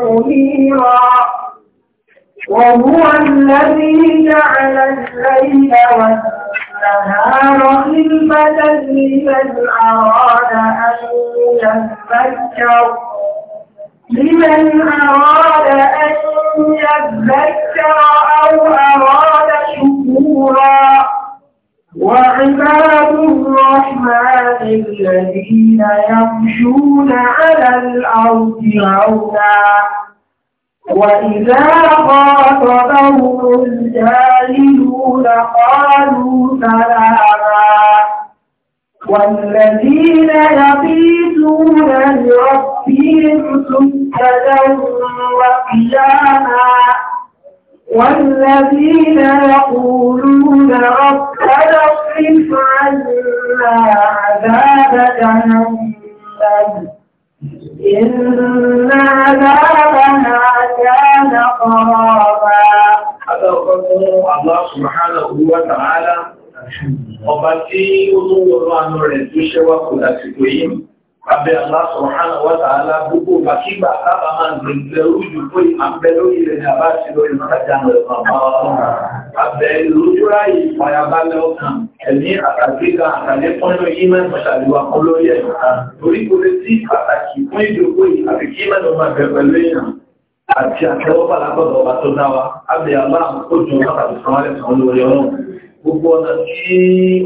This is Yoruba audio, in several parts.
منيرا وهو الذي جعل الليل والنهار خلفة لمن أراد أن يذكر لمن أراد أن يذكر أو أراد شكورا وعباد الرحمن الذين يمشون على الأرض عونا وإذا خاطبهم الجاهلون قالوا سلاما والذين يبيتون لربهم سجدا وقياما والذين يقولون ربنا اصرف عنا عذاب جهنم إن عذابها كان قرابا هذا الله سبحانه وتعالى ọba tí ó tó wọ́n rán rẹ̀ abẹ́ Allah subhanahu wa ta'ala gbogbo bàkígbà kábà máa ń gbẹ̀gbẹ̀ ojú pé àbẹ́ lórí rẹ̀ ní àbá sí lórí mọ́tàjá rẹ̀ àbẹ́ lójú ráyì ìfàyàbálẹ̀ ọkàn ẹ̀mí àtàgbéga àtàlẹ́ fọ́nà ìmọ̀ ìmọ̀ṣàlùwà àti àtẹ́wọ́pà lápọ̀dọ̀ ọba tó dáwà abẹ́ àbá ó jù mọ́tàlù sanwó lórí ọlọ́run gbogbo ọ̀nà tí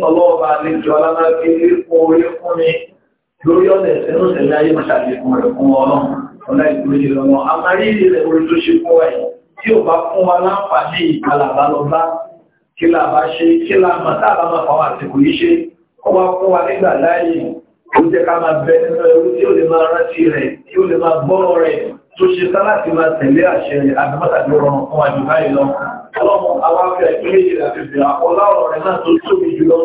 ọlọ́ọ̀bá lè jọ alámọ́ lórí ọ̀dẹ̀ ẹ̀sẹ̀nú tẹ̀lé ayé mọ́ṣàlẹ̀ fún rẹ̀ fún ọlọ́run ọ̀nà ìgbòjì lọ́nà amárílì rẹ̀ orí tó ṣe fún ẹ̀ tí ò bá fún wa láǹfààní ìkàlàbà lọ́bá kí la bá ṣe kí la mọ̀ táàbà máa fọwọ́ àsìkò yìí ṣe ó wá fún wa nígbà láàyè ó jẹ́ ká máa bẹ nínú ẹrú tí ó lè máa rántí rẹ̀ tí ó lè máa gbọ́rọ̀ rẹ̀ tó ṣe tán láti máa tẹ̀lé àṣẹ rẹ̀ àbímọ́tàbí rọrùn fún àjò báyìí lọ ọlọ́run àwọn afẹ́ ìpínlẹ̀ ìlà fìfì àpọ̀ láọ̀rọ̀ rẹ̀ náà tó tóbi jùlọ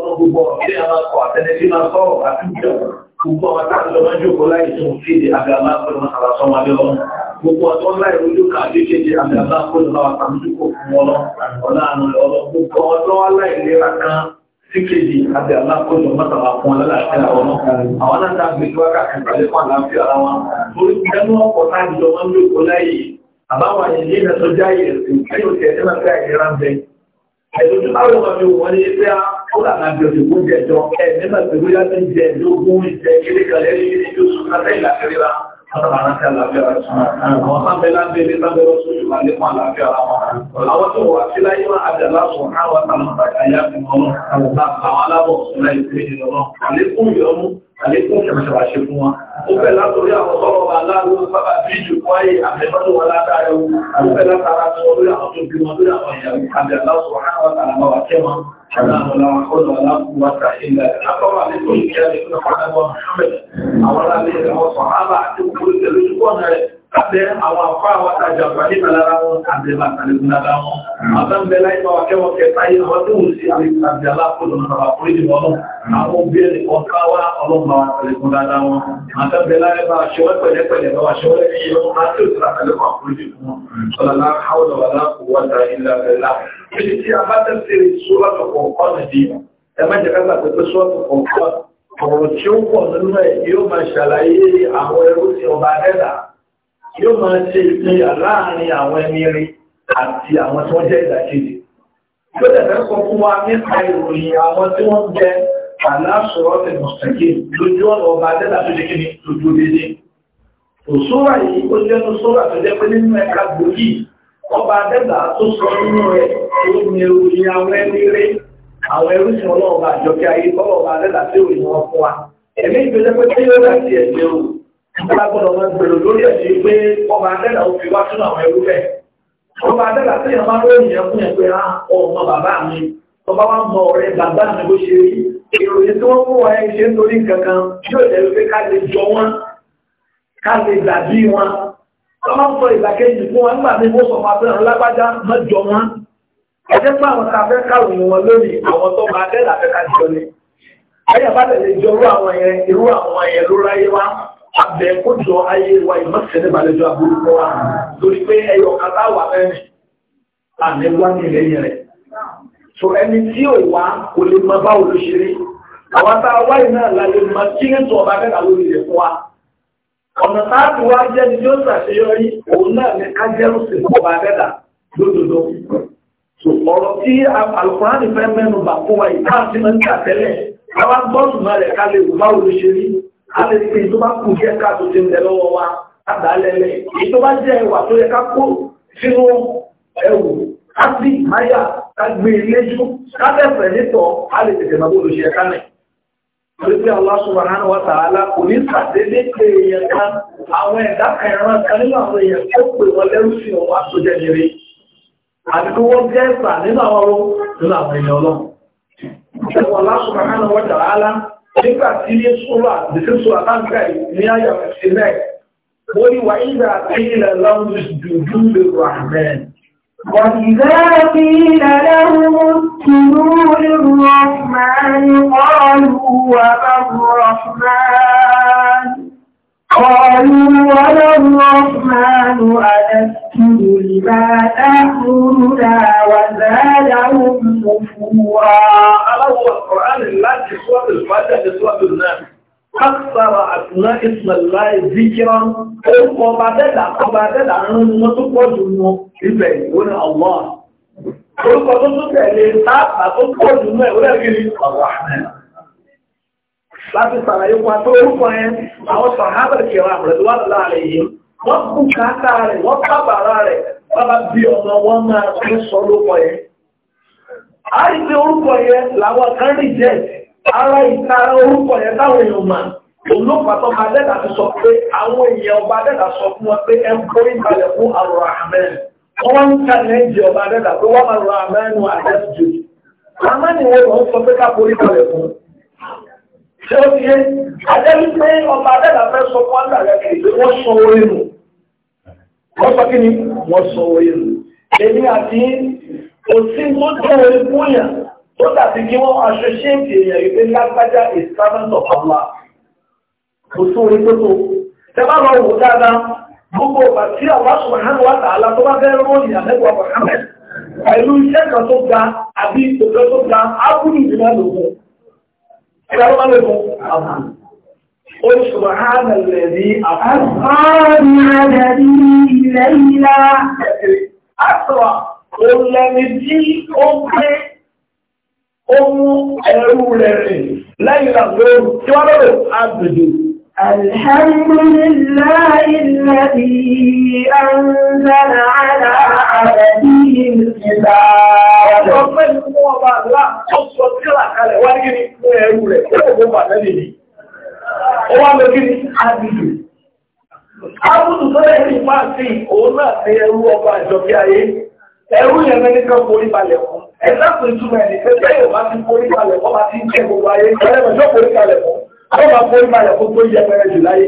ní a máa gbogbo àwọn táwọn ọmọ jókòó láì tún fèdè àgàmà pẹ̀lú àrà sọmọ abẹ́ ọ̀hún gbogbo ọ̀tọ́ láì ojú kàdé kéde àgàmà pẹ̀lú àwọn àtàmójúkò fún ọlọ́ ọ̀nà àrùn ọlọ́ gbogbo ọ̀tọ́ láì lera kan sí kéde àgàmà pẹ̀lú mọ́tàlá fún ọlọ́láàfíà ọlọ́ àwọn náà dá gbèsè wákàtí ìpàdé fún àlàáfíà ara àìsójú báwo wọn ni wọn ní pé ó là máa bẹ̀rẹ̀ ìwọ jẹjọ ẹ̀ nígbà pẹ̀lú yàtọ̀ ìjẹ lógún ìjẹ kékeré kan lẹ́yìn ìjọ sùn Àtàrànàtà àlàáfíà rẹ̀ sọ́nà. Àwọn sábẹ́ lábẹ́ ilé sábẹ́ rọ́sù ìwà lépa àlàáfíà ara wọn. Àwọn tó wà sí láyé máa àjàlá sùn àwọn àtàlọ́ta àyà fi mọ́ lọ. Àwọn alábọ̀ sùn láyé tó yé lọ. Àlékún ìyọnu, àlékún ìṣẹ̀mọ̀ṣẹ̀wà ṣe fún wa. Ó fẹ́ látòrí àwọn tọ́rọ̀ bá láàrú bábà bí ìjù fún ayé àfẹ́fọ́tò wọn látàrí ohun. Ó fẹ́ látara sọ lórí àwọn tó bímọ lórí àwọn ìyàwó àjàlá sùn àwọn àtàlàmọ́wà kẹ́wọ̀n. اللهم لا حول ولا قوة إلا بالله أقرأ لكل كلمة محمد ومحمد أولا به الصحابة أعتبر كل كلمة Àbẹ́ àwọn àpá àwọn àtàjà pàdé lára wọn àbẹ́ àtàlẹ́gùn lára wọn. Àbá ń bẹ láì bá wa kẹwọ́ kẹta yìí wọ́n tó wù sí àbẹ́ alákòlò náà fún ìdìbò ọlọ́run. Àwọn obìnrin ọ̀ká wá ọlọ́mọ àtàlẹ́gùn lára wọn. Àbẹ́ bẹ láì bá wa ṣọwọ́ pẹ̀lẹ́pẹ̀lẹ́ bá wa ṣọwọ́ ẹ̀yẹ ọmọ àti òṣèlú àtàlẹ́gùn àfún ìdìbò wọn. Ọlọ́lá hàwọ̀dọ̀ wà láàkó wọ́ta ilẹ̀ àbẹ́lá. Ibi tí a bá tẹ̀síre sórọ̀tọ̀ kọ̀ọ̀kan nìdí, ẹ má jẹ́ ọ̀rọ̀ tí ó pọ̀ nínú ẹ̀ yóò máa ṣàlàyé àwọn ẹrú tí ọba dẹ́dà yóò máa ṣe ìpínyà láàrin àwọn ẹni rí àti àwọn tí wọ́n jẹ́ ìdàkejì. Yóò dẹ̀fẹ́ sọ fún wa nípa ìròyìn àwọn tí wọ́n jẹ́ aláṣọ́rọ́ ti mọ̀sẹ̀kì lójú ọ̀nà ọba adẹ́dà tó jẹ́ kíni lójú dédé. Òṣùwà yìí ó jẹ́nu sọ́rà tó jẹ́ pé nínú ẹ̀ka gbòógì ọba adẹ́dà tó sọ nínú rẹ̀ tó ní ìròyìn àwọn ẹni rí àwọn ẹrúsìn ọlọ́ọ̀ba àjọkẹ́ ayé bọ́lọ̀ ọba adẹ́dà tí ò alágbọ́dọ̀ máa gbèrò lórí ẹ̀sìn pé ọba adẹ́là ó fi wá sínú àwọn ẹrú bẹ́ẹ̀. ọba adẹ́là tí ìyàmá lóyìn yẹn fún yẹn pé á ah, ọmọ bàbá mi ọba wa mọ ọ̀rẹ́ bàbá mi bó ṣe rí ìròyìn tí wọ́n mú wa ẹ̀ ṣe nítorí kankan yóò jẹ́ pé ká lè jọ wọn ká lè dàbí wọn. wọ́n ń sọ ìdàkejì fún wọn nígbà tí wọ́n sọ fún abẹ́rẹ́ lágbájá má jọ wọn. ẹ pé àwọn tàfẹ́ kàròyìn wọn lónìí àwọn tó máa dẹ́ làfẹ́ ká jọ ni. ẹ̀yà bá tẹ̀lé jọ irú àwọn yẹn irú àwọn yẹn ló ráyé wá abẹ kójọ ayé wa ìmọ̀sẹ̀lẹ̀ balẹ̀jọ àbúrúkọ wa lórí pé ẹyọ kàtà wà mẹ́rin àmì wá ní ilẹ̀ yẹn rẹ̀ so ẹni tí ò wá kò lè máa bá olóṣèré àwọn tá a wá yìí náà la lè máa kí ní tó ọba mẹ́ta lórí rẹ̀ fún wa ọ̀nà táàbù wa jẹ́ ni yóò ṣàṣeyọrí òun náà ní ká jẹ́rù sí ọba mẹ́ta lódodo so ọ̀rọ̀ tí alùpùpù fẹ́ mẹ́nu bà fún wa yìí káàkiri ń tà tẹ́lẹ̀ àwọn gbọ́dùn náà rẹ̀ àmì le tó bá kù díẹ̀ káàtó ti ń lọ́wọ́ wa àdálẹ́lẹ̀ èyí tó bá jẹ́ ẹwà tó yẹ ká kó sínú ẹwù ká sí máyà ká gbé iléjú ká bẹ̀fẹ̀ nítọ̀ á lè máa bóòlù ṣe ẹ̀ká nẹ̀. Torí pé Allah subhanahu wa ta'ala kò ní sàdédé pé èèyàn àwọn ẹ̀dá kan nínú àwọn èèyàn tó pè wọn lẹ́rú sí Àti kí wọ́n nínú àwọn nínú àwọn nígbà tí yé sọ́rọ̀ àdìsí sọ́rọ̀ àtàkà ní àyà fífi náà wọ́n ní wà ìgbà tí ilẹ̀ lọ́wọ́ dùdú lè rà mẹ́rin. وَإِذَا قِيلَ لَهُمُ اتَّبِعُوا الرَّحْمَنَ قَالُوا وَمَا الرَّحْمَنُ قَالُوا وَمَا الرَّحْمَنُ أَلَسْتُمْ الحمد لما تأمرنا وزادهم نفورا أنا هو القرآن الله في سورة الفاتحة في سورة الناس أكثر أثناء اسم الله ذكرا ọba dẹ́dà ọba dẹ́dà rán wọn tó pọ̀ jù mọ́ ibẹ̀ ìwọ́n ni Allah orúkọ tó tó tẹ̀lé sáàpà tó pọ̀ jù mọ́ ìwọ́n ẹ̀rí ọ̀rọ̀ láti sàlàyé wọn tó orúkọ yẹn àwọn sàhábà kìí ra àbùrẹ̀dúwà láàrin yìí wọ́n kú káàkà rẹ̀ wọ́n kábàrà rẹ̀ bábá bí ọmọ wọn máa fẹ́ sọ lóko yẹn. a rí pé orúkọ yẹn làwọn kan rí jẹ ara ìtara orúkọ yẹn táwọn èèyàn mà olóòpàá máa ọba dẹ́ta sọ fún wọn pé ń fún wọ́n wá ń ọba dẹ́ta pé wọ́n máa àmọ́ ni wọ́n lọ sọ pé ká kórè fún ọba dẹ́ta fẹ́ sọ wọ́n sọ kí ni wọ́n sọ orí rù èmi àti kò sí mọ́tò orí fúnyà tó dàbí kí wọ́n associate èèyàn yìí pé lágbájá is servant of Allah kò sí orí tó tó tẹ́bá lọ wò dáadáa gbogbo ọ̀gbà tí Allah subhanahu wa ta'ala tó bá fẹ́ ròyìn àmẹ́gbọ̀ Muhammad pẹ̀lú iṣẹ́ kan tó ga àbí ìpòjọ́ tó ga ábúrú ìdílé قل سبحان الذي أسرى بعبده ليلا أسرى قل لمجي أمي أم أولي ليلا غير جرر عبده الحمد لله الذي أنزل على عبده الكتاب ومن هو ما لا تصدق لك على ولكن ó wá lókè ní ábùdù ábùdù tó lè rí máa sí òun náà ní ẹrú ọba àjọbí ayé ẹrú yẹn mẹ́ni kan forí balẹ̀ fún ẹ̀dá pé túmọ̀ ẹni pé bẹ́ẹ̀ yóò bá ti forí balẹ̀ fún bá ti ń jẹ gbogbo ayé ẹ̀rẹ́ mẹ́jọ forí balẹ̀ fún ó máa forí balẹ̀ fún tó yẹ mẹ́rẹ́ jù láyé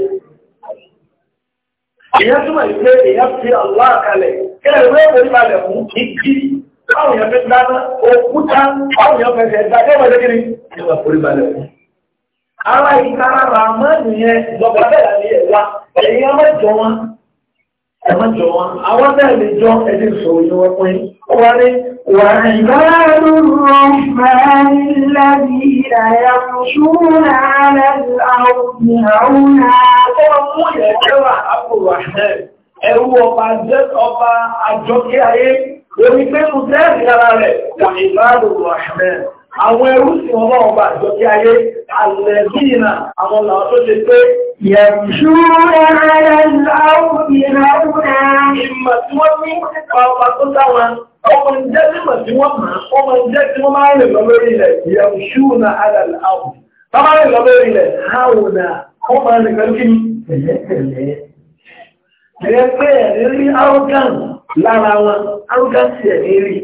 èyàn túmọ̀ yìí pé èyàn fi àlá kalẹ̀ kí ẹ̀rọ forí balẹ̀ fún kíkí báwọn yẹn fi dáná òkúta báwọn yẹn fẹsẹ̀ dá ara ìkara ramani yẹn lọ́gbà bẹ́ẹ̀ láti yẹ wa ẹ̀yin ọmọ jọ wọn ẹ̀mọ́ jọ wọn àwọn bẹ́ẹ̀ lè jọ ẹ̀dín ìṣòro yìí wọ́n pín wọ́n ní wà ìgbàlú rọ̀mọ́ni lẹ́bí ìdáyà àwọn ẹrú sí ọmọ ọba ìjọkí ayé alẹ́bíìnà àwọn ọ̀nà tó ṣe pé yẹ̀mṣú ẹ̀rẹ́ ní nípa ọba Lára wọn, arúgáǹsì ẹ̀ ní rí,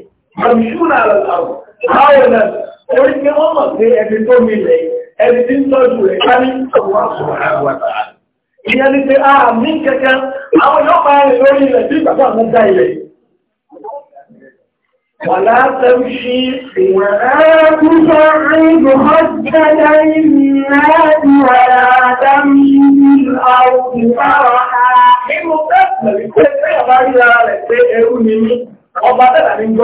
ọ̀ṣúnà àlọ́láwọ̀, báwọn náà Orí pé wọ́n mọ̀ pé ẹni tó milẹ̀, ẹni tí ń tọ́jú rẹ̀ ká ní ọ̀wọ́ àṣùwọ̀n àwọn àtàrà. Ìyẹn ni pé a ah, mí kẹ́kẹ́, àwọn yóò máa rìn lórí ilẹ̀ tí bàbá mi dá ilẹ̀. Wàlá tẹ́wṣí ìwọ̀n ẹ́kúsọ rígbò ọjọ́ lẹ́yìn láti wàlá dámí àwọn ìfàwọ̀ ààrẹ. Ìmú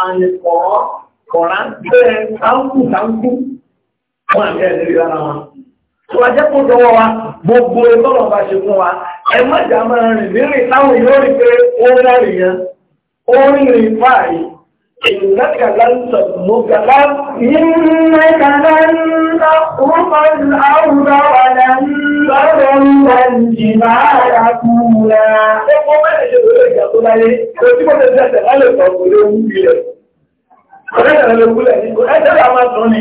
àlùkọ̀ọ́ kọ̀ọ̀rá bẹ́ẹ̀ sáńkù sáńkù wọn àti ẹ̀ nílùú ara wọn. tó wá jẹ́ kó dọwọ́ wa gbogbo ìtọ́nà bá ṣe fún wa ẹ má máa rìn nírìn táwọn yóò rí pé ó rárìn yẹn ó rìn rìn fáàyè. إنك لن تخلق إنك لن تخلق الأرض ولن تبلغ الجبال طولا. Ọkọ̀ mẹ́rin ṣe lórí ìjà tó láyé, ojú mọ́ tẹ́lẹ̀ tẹ́lẹ̀ lálẹ́ ìtọ́kùn ló ń gbilẹ̀. Ọ̀rẹ́ ìrẹ̀lẹ̀ gúlẹ̀ ní ẹgbẹ̀rẹ̀ àwọn àtọ́ ni,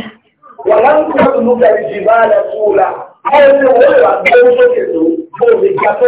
wà láńkù láti mú gàrí jìbá àdàtúwòlà, ọ̀rẹ́ ìwọ̀n lè wà gbé ó sókè tó, ó lè gbà tó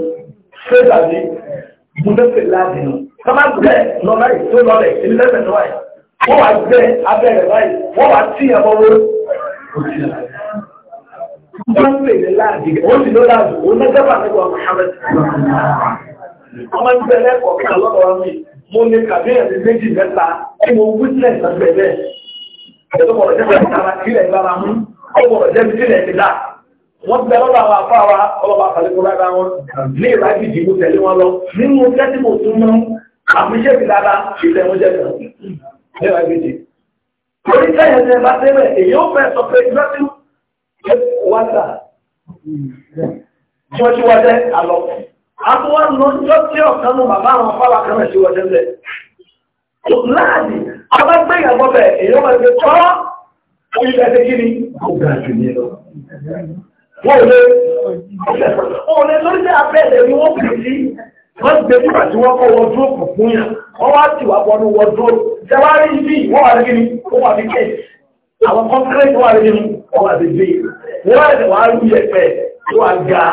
fẹ́ẹ̀dà ní ìbúdẹ́fẹ̀ láàdínú kọ́má gbẹ́ lọ́lá ìtó lọ́lẹ̀ ìlẹ́fẹ̀ lọ́wọ́ ẹ̀ wọ́n wá gbẹ́ abẹ́rẹ́ báyìí wọ́n wá tí ẹ̀mọ́ wọ́n ìbúdẹ́fẹ̀ láàdínú wọ́n sì ló láàdínú wọ́n lẹ́gbẹ̀ẹ́ àtẹ́gbọ̀ Muhammad ọmọ ìgbẹ́ lẹ́kọ̀ọ́ kí àlọ́dọ̀ wa mi mo ní kàbíyèsí méjì mẹ́ta tí mo witness àgbẹ̀ bẹ́ẹ̀ ẹ̀dọ́gbọ̀rọ̀ jẹ́ wọ́n bẹ lọ́dọ̀ àwọn afá wa ọlọ́pàá àkàlẹ́kọ̀ọ́ dáadáa wọn ní ìrájì ìdìbò tẹ̀lé wọn lọ nínú kẹ́tìmù tún mú àfiṣẹ́bì dáadáa ìfẹ́ wọn jẹ́ kan ní ìrájì ìdì. torí kẹ́yìn tẹ bá tẹ́lẹ̀ èyí ó fẹ́ sọ pé ìgbésí wáta tí wọ́n ti wájẹ́ àlọ́. àbúwá lọ́jọ́ tí ọ̀kan nù bàbá àwọn afá wa kan náà ti wájẹ́ lẹ̀. láàdì abágbéyàwó bẹ̀ èyí ó máa wọ́n lè lórí sí abẹ́ẹ̀lẹ̀ ni wọ́n pè sí wọ́n gbé nígbà tí wọ́n kọ́ wọ́dúrópù fún yàn wọ́n wá sí wà pọ̀nú wọ́dúrópù tẹwárí sí wọ́n wà nígbì ní wọ́n wà ní kéèkì àwọn kọ́ńkírẹ́tì wà nígbì ní wọ́n wà nígbì wọ́n wà nígbà wọ́n rú yẹpẹ̀ tó wà ga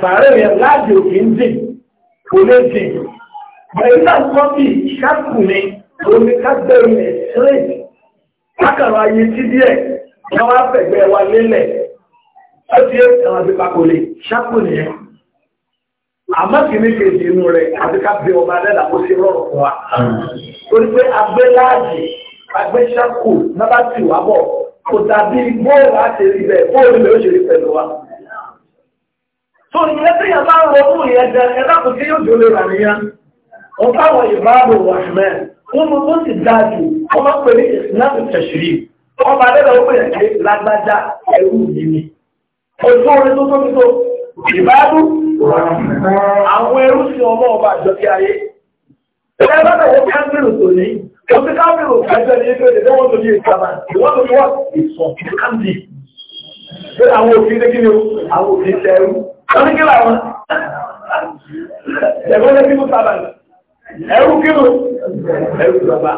sàárẹ̀ rẹ̀ láti òkè ń dì kò lè dì bẹ̀rẹ̀ náà kọ́ bí ṣáàpù ni omi kágbẹ́rù ẹ̀ sílẹ̀ wọ́n wá fẹ̀gbẹ́ wa lélẹ̀ ó ti àwọn àti papò lè ṣápò nìyẹn àmọ́ kì ní kejì inú rẹ̀ àti ká bí ọba lẹ́la kó sí rọrùn fún wa ó ní pé agbé láàjì agbé ṣápò náà bá ti wà bọ̀ kò dàbí bóòlù àti rí bẹ́ẹ̀ bóòlù lè ó ṣe rí pẹ̀lú wa tó ní ẹgbẹ́ yẹn máa ń ronú yẹn jẹ ẹ̀dàkù tí yóò jòlè rà níyà wọ́n táwọn ìbáàbò wà mẹ́ wọ́n mú ó sì dáa jù wọ́n máa pè ní ìsìnláàbù tẹ̀sírì ọba adẹ́rẹ́ ó bẹ̀rẹ̀ pé lágbájá ẹrú mi ni ojú orin tó tóbi tó ìbádùn àwọn ẹrú sí ọmọ ọba àjọkí ayé ẹgbẹ́ bá bẹ̀rẹ̀ kámẹ́rù tó ní òfin kámẹ́rù ẹgbẹ́ ní ẹgbẹ́ ìdẹ́ wọ́n tó ní ìkàmà ìwọ́n tó ní wọ́n ìsọ̀ kámẹ́rì pé àwọn òfin ní kíni o àwọn òfin tẹ ẹrú wọ́n ní kílà wọn ẹgbẹ́ ní kíkú sábà ẹrú kílò ẹrú bàbá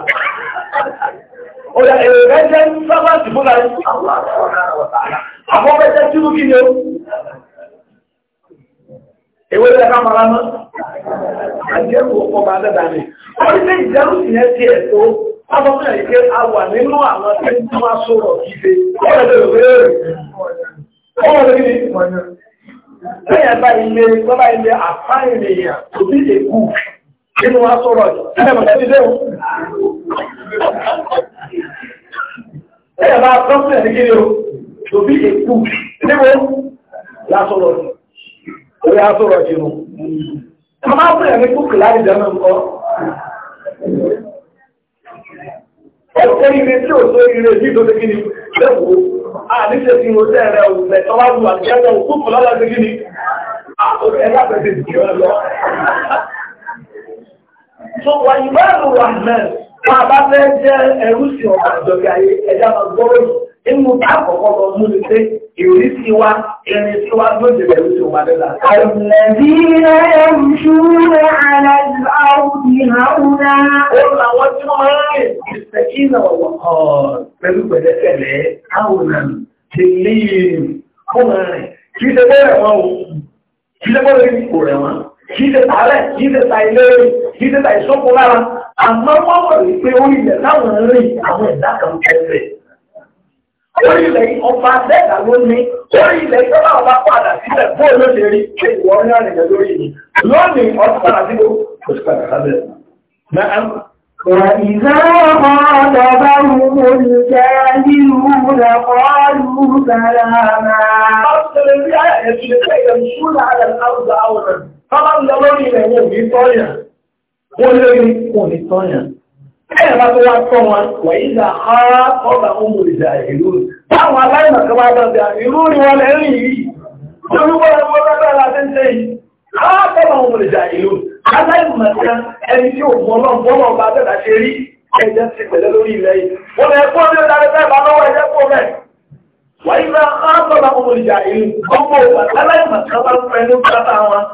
ọ̀yà èrè jẹ́ sábàtì fúnra àkọ́kẹ́jẹ́ tí ó kí ni ó ewé jẹ́ ká mara mọ́ àjẹ́rù ọkọ̀ bá dẹ́dà ní orí pé ìjẹ́rù sì yẹn ti ẹ̀tọ́ ọmọkùnrin àìké a wà nínú àwọn tí ń tún aṣọ́rọ̀ ìgbé Lẹ́yìn bá ilé bọ́bá ilé àfáìlèyàn tó bí èkú nínú aṣọ́rọ̀ ìgbé Ẹ̀yà máa kọ́sílẹ̀ ní kí ni o, tòbí èkú, níbo lásọ̀rọ̀ jù, orí asọ̀rọ̀ jù nù. A máa bẹ̀rẹ̀ ní kúkù láti jẹ́mọ̀ nǹkan. Ẹ̀kọ́ ire tí ò tó ire sí tó ṣe kí ni, lẹ́wọ̀ a ní ṣe fi wo sẹ́ẹ̀rẹ̀ òfẹ́ tọ́wájú àti ẹgbẹ́ òkúkù lọ́lá ṣe kí ni, ẹ̀yà pẹ̀lú ìdíjọ́ lọ. So, wà ìbáàrù Rahman, máa bá fẹ́ jẹ́ ẹrú sí ọba ìjọba ayé ẹ̀dá máa gbọ́rọ̀ yìí nínú àkọ́kọ́ lọ mú mi pé ìrírí sí wa irin sí wa ló jẹ́ ẹrú sí ọba dẹ́là. Àlùmọ̀dínà ẹ̀rùsúnà àlàáfíì hàúnà. Ó làwọn tí wọ́n máa ń rìn ìṣẹ́kínà ọ̀wọ̀ pẹ̀lú pẹ̀lẹ́pẹ̀lẹ́ hàúnà ti o, kì í ṣe bẹ́ẹ̀ wọn kò rẹ̀ wọn, kì í ṣe tààrẹ̀, kì í ṣe tà ilé, kì í ṣe tà ìṣókò lára àmọ́ wọ́n wọ̀ wípé orí ilẹ̀ láwọn rìn àwọn ẹ̀dá kan kẹfẹ́ orí ilẹ̀ yìí ọba dẹ́gbà ló ní orí ilẹ̀ yìí tọ́lá ọba padà sílẹ̀ fún olóṣèlú pé ìwọ ní àrẹ̀gẹ̀ lórí ni lónìí ọdún padà síbò kò sí padà sábẹ̀ وَإِذَا خَاطَبَهُمُ الْجَاهِلُونَ قَالُوا سَلَامًا أَرْسَلَ بِهَا يَسْلِكَ يَمْشُونَ عَلَى الْأَرْضِ أَوْلًا ó lérí fún ní tọ́yàn ẹ̀yà bá tó wá tọ́ wọn wà ìlà ara ọba ọmọ ìjà ìlú táwọn aláìmọ̀kan bá dọ̀dẹ̀ ìlú ni wọ́n lè rìn yìí olúwọ́ ẹwọ́ lábẹ́ láti ń tẹ́ yìí aláàbọ̀bọ̀ ọmọ ìjà ìlú aláìmọ̀kan ẹni tí ò mọ́ náà bọ́lọ̀ bá dẹ̀dà ṣe rí ẹjẹ́ ti pẹ̀lẹ́ lórí ilẹ̀ yìí wọ́n lè kó ní ọ̀dà rẹ̀ bá lọ́wọ́ ẹjẹ́ kó rẹ̀ wà ìlà aláàbọ̀bọ̀ ọmọ ìjà ìlú gbogbo aláìmọ̀kan bá ń pẹ̀lú pátá wọn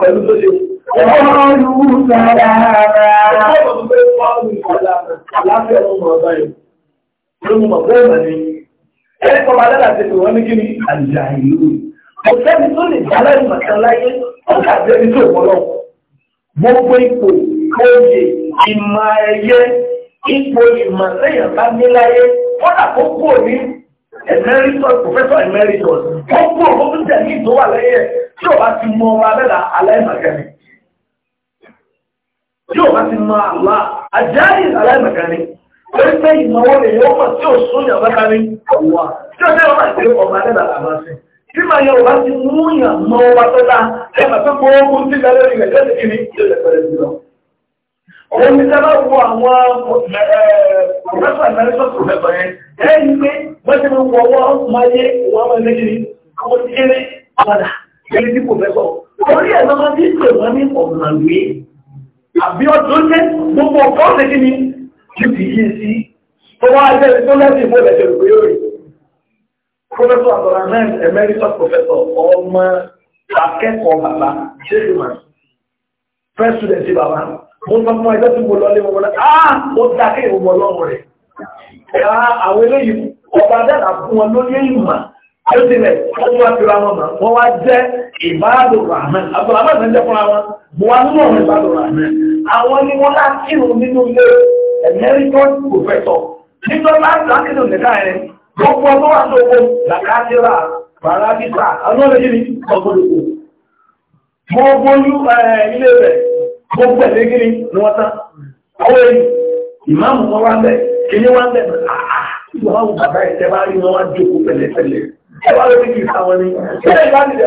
pẹ̀lú tó ṣe Ọlọ́run sàlámà. Ẹ̀kọ́ máa dára Gbogbo ipò, oyè, ìmọ̀ ẹ̀yẹ, ipò ìmọ̀ lẹ́yìn bá ní láyé, wọ́n dà kó kúrò ní emeritus professor emeritus. Ó kúrò fún tẹ̀lé ìtọ́wà lẹ́yẹ tí ò bá ti mọ ọmọ abẹ́là aláìmàkà yóò bá ti máa lá àjáyì aláìmọ̀kání lórí pé ìmọ̀wọ́ lè yóò mọ̀ tí ó sún yàn bá ní ọ̀wà tí ó tẹ́wọ́ máa tẹ́wọ́ ọmọ alẹ́ làlá máa sí tí máa yẹ ọba ti mú yàn mọ́ wa tó dá ẹ máa tó gbọ́ ogun tí ga lórí rẹ̀ lẹ́sẹ̀ kiri tí ó lè pẹ̀lẹ́ sí lọ. òun ni sábà wo àwọn pòfẹ́sọ̀ mẹ́rẹ́sọ̀ pòfẹ́sọ̀ yẹn ẹ̀yìn pé wọ́n ti wọ ọwọ́ máa yé wọ́n máa lé kiri àwọn àbí ọdún jẹ́ gbogbo ọ̀pọ̀ ṣe kí ni ju ti yí sí tó wá ẹgbẹ́ tó lẹ́sìn fún ẹ̀ṣẹ̀ òkú yóò rí Professor Abdulrahman Emeritus Professor ọmọ akẹ́kọ̀ọ́ bàbá Jésùmá first student bàbá mo sọ fún ẹgbẹ́ tí mo lọ lé wọn náà ó ah, dákẹ́ ìwọ̀n ọlọ́run rẹ̀ àwọn eléyìí ọba dáadáa fún wọn lórí ìmọ̀ ó ti rẹ̀ wọ́n wá fira wọn mọ̀ wọ́n wá jẹ́ ìbáàdùn Rahman Abdulrahman ń jẹ́ fúnra wọn mo wá nínú ọ̀rọ̀ ìbáàdùn Rahman àwọn ni wọ́n láti kírun nínú ilé emeritus professor nítorí láti láti nù nìka yẹn gbogbo ọgbọ́n wà tó kó làkàtìrà paradisa àwọn ọlọ́dẹ yìí ọgbọ́dọ̀kọ. mo gbóyú ilé rẹ̀ gbogbo ẹ̀dẹ́ gírí ni wọ́n tán àwọn èyí ìmáàmù wọn wá bẹ̀ kíní wá bẹ̀ ah, ah, ìwà àwọn bàbá ẹ̀ tẹ́ bá rí wọn wá jókòó pẹ̀lẹ́pẹ̀lẹ́ ẹ wá lórí kì í sáwọn ni yìí ilé ìbánidẹ̀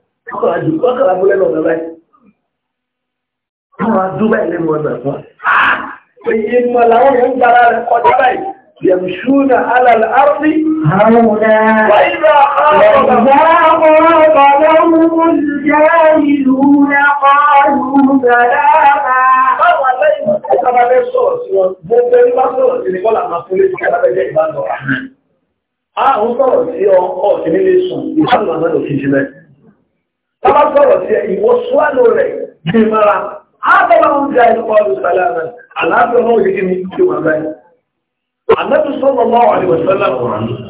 ọkọ̀lá jù ọkọ̀lá bó lẹ́nu ọ̀gá báyìí. Àwọn adúbà ilé mọ̀ ọ̀nà fún wa. Ah! Èyí mọ̀ làwọn yẹn ń gbára rẹ̀ kọjá báyìí. يمشون على الأرض هونا وإذا خاطبهم الجاهلون قالوا سلاما Àwọn ah, sọ̀rọ̀ sí ọ ọ̀sìn nílé sùn, ìṣàlùmọ̀ náà lò fi jìnà. Tọ́bá sọ̀rọ̀ sí ìwọ ṣúwánú rẹ̀ bí mara, ábẹ́lá ń jẹ́ ìlúkọ́ ìsàlẹ̀ rẹ̀, àlàáfíà náà yìí kí ni kí wọ́n bẹ́ẹ̀. Ànábì sọ́nà mọ́ àwọn ìwọ̀sọ́lá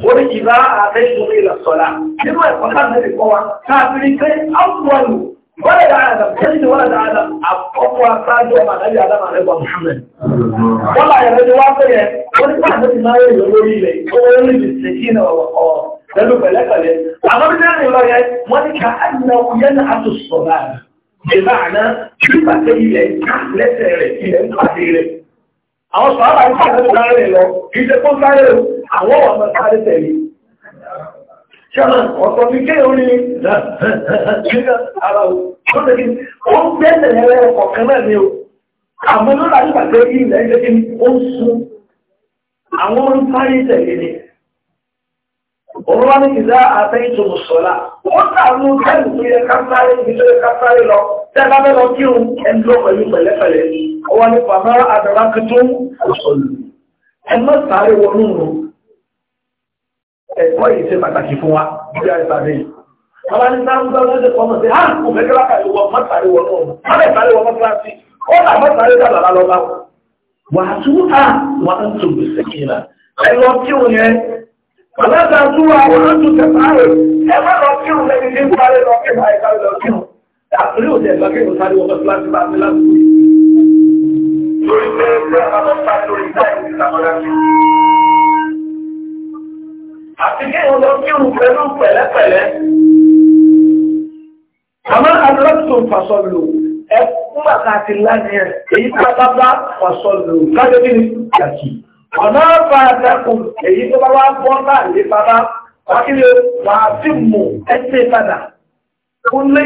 orí ìbá àfẹ́sùn ilẹ̀ sọ́lá. Nínú ẹ̀kọ́ láti rí kọ́ wa, káàkiri pé áwùwọ̀lù, wọ́lẹ̀ dáadáa, kẹ́lí ni wọ́lẹ̀ dáadáa, àkọ́kọ́ aṣáájú ọmọ àdájú Adama Àrẹ́gbà Muhammad. Wọ́lá ẹ̀rọ ni wá fẹ́ yẹ, ó ní pàṣẹ ti máa ń rìn lórí ilẹ̀, ó ń rìn pẹ̀lú pẹ̀lẹ́pẹ̀lẹ́. Àwọn bí lẹ́rìn lọ yẹ, wọ́n ní ká àìyàn òyẹ́ ní àtúnṣọ̀ láàrín. Ìgbà àná, nígbà tẹ ilẹ̀ ká lẹ́sẹ̀ rẹ̀, ilẹ̀ ń pàdé rẹ̀. Àwọn sọ̀rọ̀ àti pàdé sáré lọ, kì í ṣe kó sáré o, àwọn ọ̀nà sáré tẹ̀lé. Ṣọ́nà ọ̀sọ̀ fi ké orí nígbà ara o. Ó ń gbẹ́sẹ̀ lẹ́rẹ́ ọ̀kan ó ń sún. Àwọn ń sáré tẹ̀lé ni òun wá ní ìdá àtẹ́yìntò sọ́lá wọ́n tààrù tẹ́lù tó yẹ káfárí ibi tó yẹ káfárí lọ tẹ́lá bẹ́ lọ kí òun ẹni lọ pẹ̀lú pẹ̀lẹ́pẹ̀lẹ́ ọwọ́ ní bàbá àdàrà kẹtó òṣòlù ẹgbẹ́ sáré wọnú nù ẹ̀kọ́ yìí ṣe pàtàkì fún wa bí a ìpàdé bàbá ní sáà ń gbọ́ lóde pọ́nmọ̀ sí hàn kò fẹ́ kíláka ìwọ má sáré wọnú nù má bẹ̀ sáré wọnú kíláàsì ó là má sáré dàbàrà lọ bá wàá tún à wàá tún bù sẹ́kìnà ẹ lọ kí òun yẹn Bàbá àtúwà àwọn ọdúnkẹ̀ sáré, ẹ má lọ kírun lẹ́ni ní sáré lọ kí máa ìsáré lọ kírun. Àtúrí ò jẹ́ lọ kírun sáré wọ́n fẹ́ láti láti láti. Lórí pé ẹgbẹ́ ọmọ sáré lórí ìdáyé ìsàmọ́lá sí. Àti kí ìwọ̀n lọ kírun pẹ̀lú pẹ̀lẹ́pẹ̀lẹ́. Àmọ́ àdúrátò fàṣọlù ẹ fún àkàtì lánìí ẹ̀ èyí pátápátá fàṣọlù kájọ́ kí ni kàkì. ọ̀nà fàdàkùn èyí tó bá wá bọ́ bàbá wákìlẹ̀ mú ẹsẹ̀ padà fún lé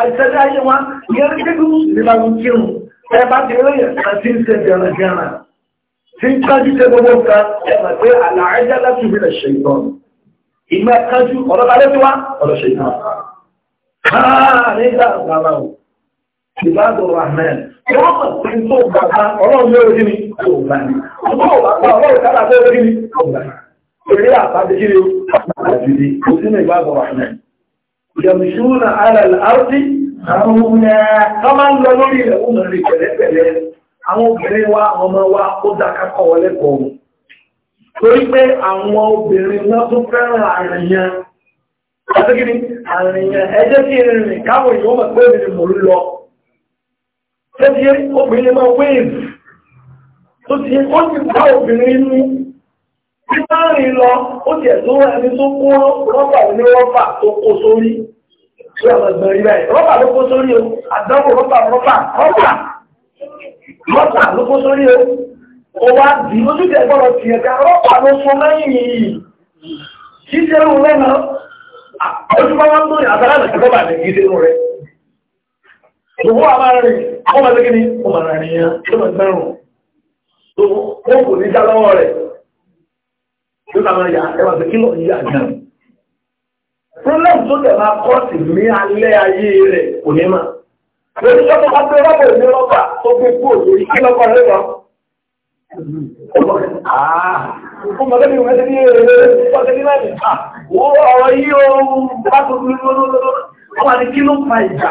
àìsẹ́lẹ̀ ayé wa yẹn wọn kírun ẹ bá ti ṣe bẹ̀rẹ̀ bẹ̀rẹ̀ kájú gbogbo nǹkan ẹ mọ̀ pé àlàájá láti rí rẹ̀ ṣe ìtàn ìmọ̀ kájú ọ̀rọ̀ balẹ̀ tí wá ọ̀rọ̀ ṣe káà nígbà wọ́n mọ̀ tó ọlọ́run yóò rí mi ọgbà ní. Ọgbọ́n ọgbà pa ọgbọ́n ìkàlà tó rí ní ọgbà. Eré àpàdé kí ni ó àjù ní kò sí ní ìgbàgbọ́ àmì. Ìjọmìṣúnà alàlẹ́ àrùtí àwọn ọmọ ẹ̀ máa ń lọ lórí ilẹ̀ òun rí pẹ̀lẹ́pẹ̀lẹ́. Àwọn obìnrin wa, àwọn ọmọ wa, ó dá kákọ́ wọlé kọ̀ wọn. Torí pé àwọn obìnrin wọn tún fẹ́ràn àrìyàn. Àtẹ́gìrì àrìyàn ẹjẹ́ kí rìnrìn káwọn èèyàn mọ̀ pé mi ni mò ń lọ. Ṣé ti obìnrin máa wéèvì tó ti ó ti bá obìnrin ní láàrin lọ ó ti ẹ̀sùn ẹni tó kó rọ́bà ní rọ́bà tó kó sórí rọ́bà ló kó sórí o àdánwò rọ́bà rọ́bà rọ́bà rọ́bà ló kó sórí o ó wá dì lójú tẹ̀ gbọ́dọ̀ tiẹ̀ ká rọ́bà ló sún lẹ́yìn yìí kí ṣe rú lẹ́nà ojúmọ́ wọn tó yà sára nàìjíríà rọ́bà lè kí ṣe rú rẹ̀ òwú àmà rẹ̀ ọmọ ẹgbẹ́ kí ni ọmọ rẹ̀ yẹn tó mọ̀ gbẹ́rùn tó ó ní já lọ́wọ́ rẹ̀ tó tàbí ya ẹwà sí kílọ̀ yí àjá problem tó dẹ̀ máa kọ́ sí ní alẹ́ ayé rẹ̀ kò ní mà lórí tó bá gbé ní èrè pọ́sẹ̀ ní láti ta. Wọ́n ọ̀rọ̀ yí bá tó ní kí ló ìjà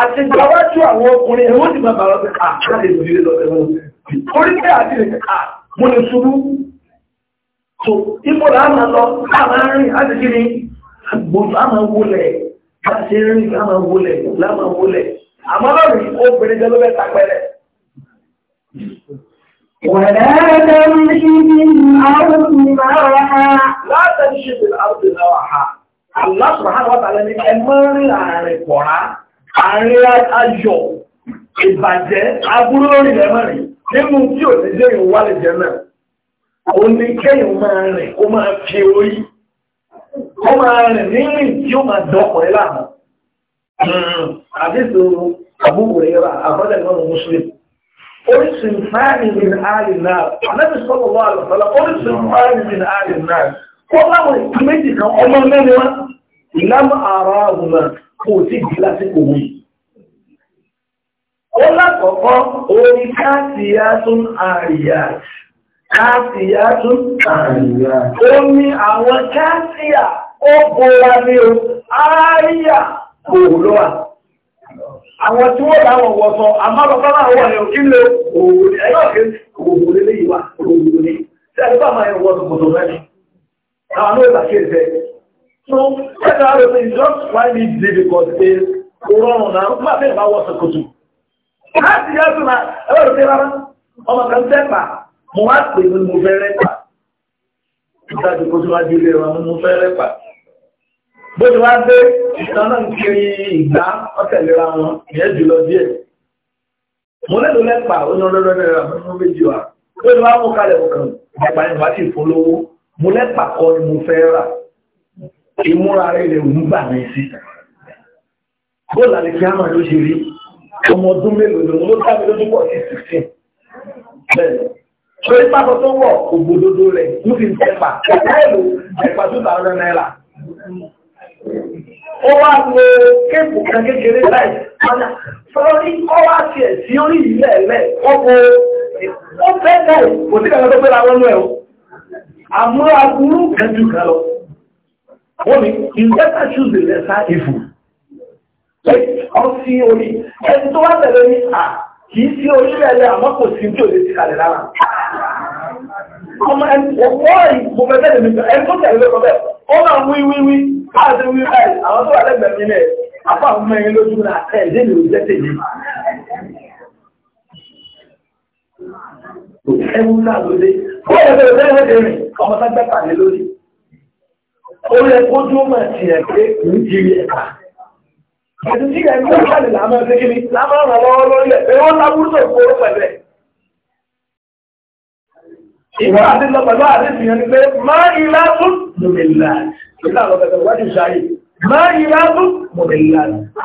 àti gbàwájú àwọn ọkùnrin ẹ̀wọ́n ti ah, lọ́pẹ́ orí pé àti ah, ṣubú tó lọ láàmà rìn láti kí ni gbogbo àmà wọlẹ̀ láti rìn láàmà wọlẹ̀ láàmà wọlẹ̀ àmọ́ lọ́rùn obìnrin jẹ́ lọ́pẹ́ tapẹ́rẹ́ ولا تمشي في ní ẹmọ́ rí pọ̀rá àárín ayọ̀ ìbàjẹ́ aburú lórí rẹ̀ mẹ́rin nínú tí ò ti jẹ́ ìwà lè jẹ́ náà ó ní kéèyàn máa rìn kó máa fi orí kó máa rìn ní rìn tí ó máa dọ́kọ̀ ẹ́ láàmú àdéhùn àbúrò rẹ̀ rà àbọ̀dẹ̀ náà mùsùlùmí orísun fáàrin min àárín náà anábì sọ́lọ̀ wà lọ́sọ́lá orísun fáàrin min àárín náà kó láwọn ìpínlẹ̀ kan ọmọ mẹ́rin wá ìlànà àárọ̀ àbùmọ̀ o sí ìdí lásìkò wù yìí. Ó lákọ̀ọ́kọ́ orí káàtìyàtún àríyá. Káàtìyàtún àríyá. Ó ní àwọn káàtìyà ó bóra ní o, àríyá kò lọ́wà. Àwọn tí wọ́n láwọn wọ̀sọ̀, àmọ́lọ́pá náà wà ní òkílẹ̀ òwúrẹ̀ ẹ̀yọ́ kìí òwúrẹ̀ lè yíwá òwúrẹ̀. Tí a lè bá máa yẹ So that everything is just why we did because they rọrùn náà má bẹ́ẹ̀ bá wọ́ sọ̀kòtò. Láti yá sí náà ẹ̀rọ ìfẹ́ rárá ọmọ kan tẹ́pà mo wá pè ní mo fẹ́ rẹ́pà. Nígbà tí kò tó wá di ilé wa mo fẹ́ rẹ́pà. Bó ti wá dé ìtàn náà ń kiri ìgbà ọ̀tẹ̀lera wọn ìyẹn jùlọ díẹ̀. Mo lẹ́nu lẹ́pà onírọ́rọ́ náírà mo méjì wa. Bó ti wá mú kalẹ̀ mo kàn ẹ̀pà ni màá sì fún lówó. Mo lẹ́pà kọ́ ni mo fẹ́ rà ìmúra rẹ̀ rẹ̀ ń bà ní sí bóòlà lè fi àmà ló ṣe rí ọmọ ọdún mélòó ló dá mi lójú pọ̀ sí 16 bẹ́ẹ̀ torí pápọ̀ tó wọ̀ ògbòdodo rẹ̀ ń fi tẹ́pà ẹ̀lò ẹ̀pà tó bá rẹ̀ náírà ó wá lo kéèpù kan kékeré láì sọ́rí ó wá tiẹ̀ sí orí ilẹ̀ ẹ̀lẹ́ ó bo ó fẹ́ bẹ́ẹ̀ kò sí kankan tó fẹ́ ra wọn lọ ẹ̀ o àmúra burú kẹjú kan lọ. Only, you better choose the lesser evil. Ọtí orí, ẹni tó wá tẹ̀lé ní à, kìí sí orílẹ̀ ẹlẹ́ àmọ́ kò sí tí ò lè ti kalẹ̀ lára. Ọmọ ẹni wọ́n ìgbò mẹ́tẹ́lẹ̀ mi ẹni tó tẹ̀lé lọ́kọ̀ bẹ́ẹ̀, ó máa wí wí wí, láti wí báyìí, àwọn tó wà lẹ́gbẹ̀ẹ́ mi lẹ̀, apá àwọn mẹ́rin lójú náà ẹ̀ lé mi ò jẹ́ tèmi. Ẹ̀wù náà ló dé, ó yẹ kí ọmọ tá ó yẹ kó dúró mà tiẹ̀ pé kò ń jiri ẹ̀ka. Ẹ̀sìn tí ìyẹn tó kàlẹ̀ lámà ṣe kí ni lámà ràn lọ́wọ́ lórí ẹ̀ pé wọ́n lábúrú tó kó pẹ̀lú ẹ̀. Ìwọ àti lọ pẹ̀lú àdéhùn yẹn ni pé máa ìlà fún lòmìnira. Ìlà lọ pẹ̀lú wájú sáyé. Máa ìlà fún lòmìnira.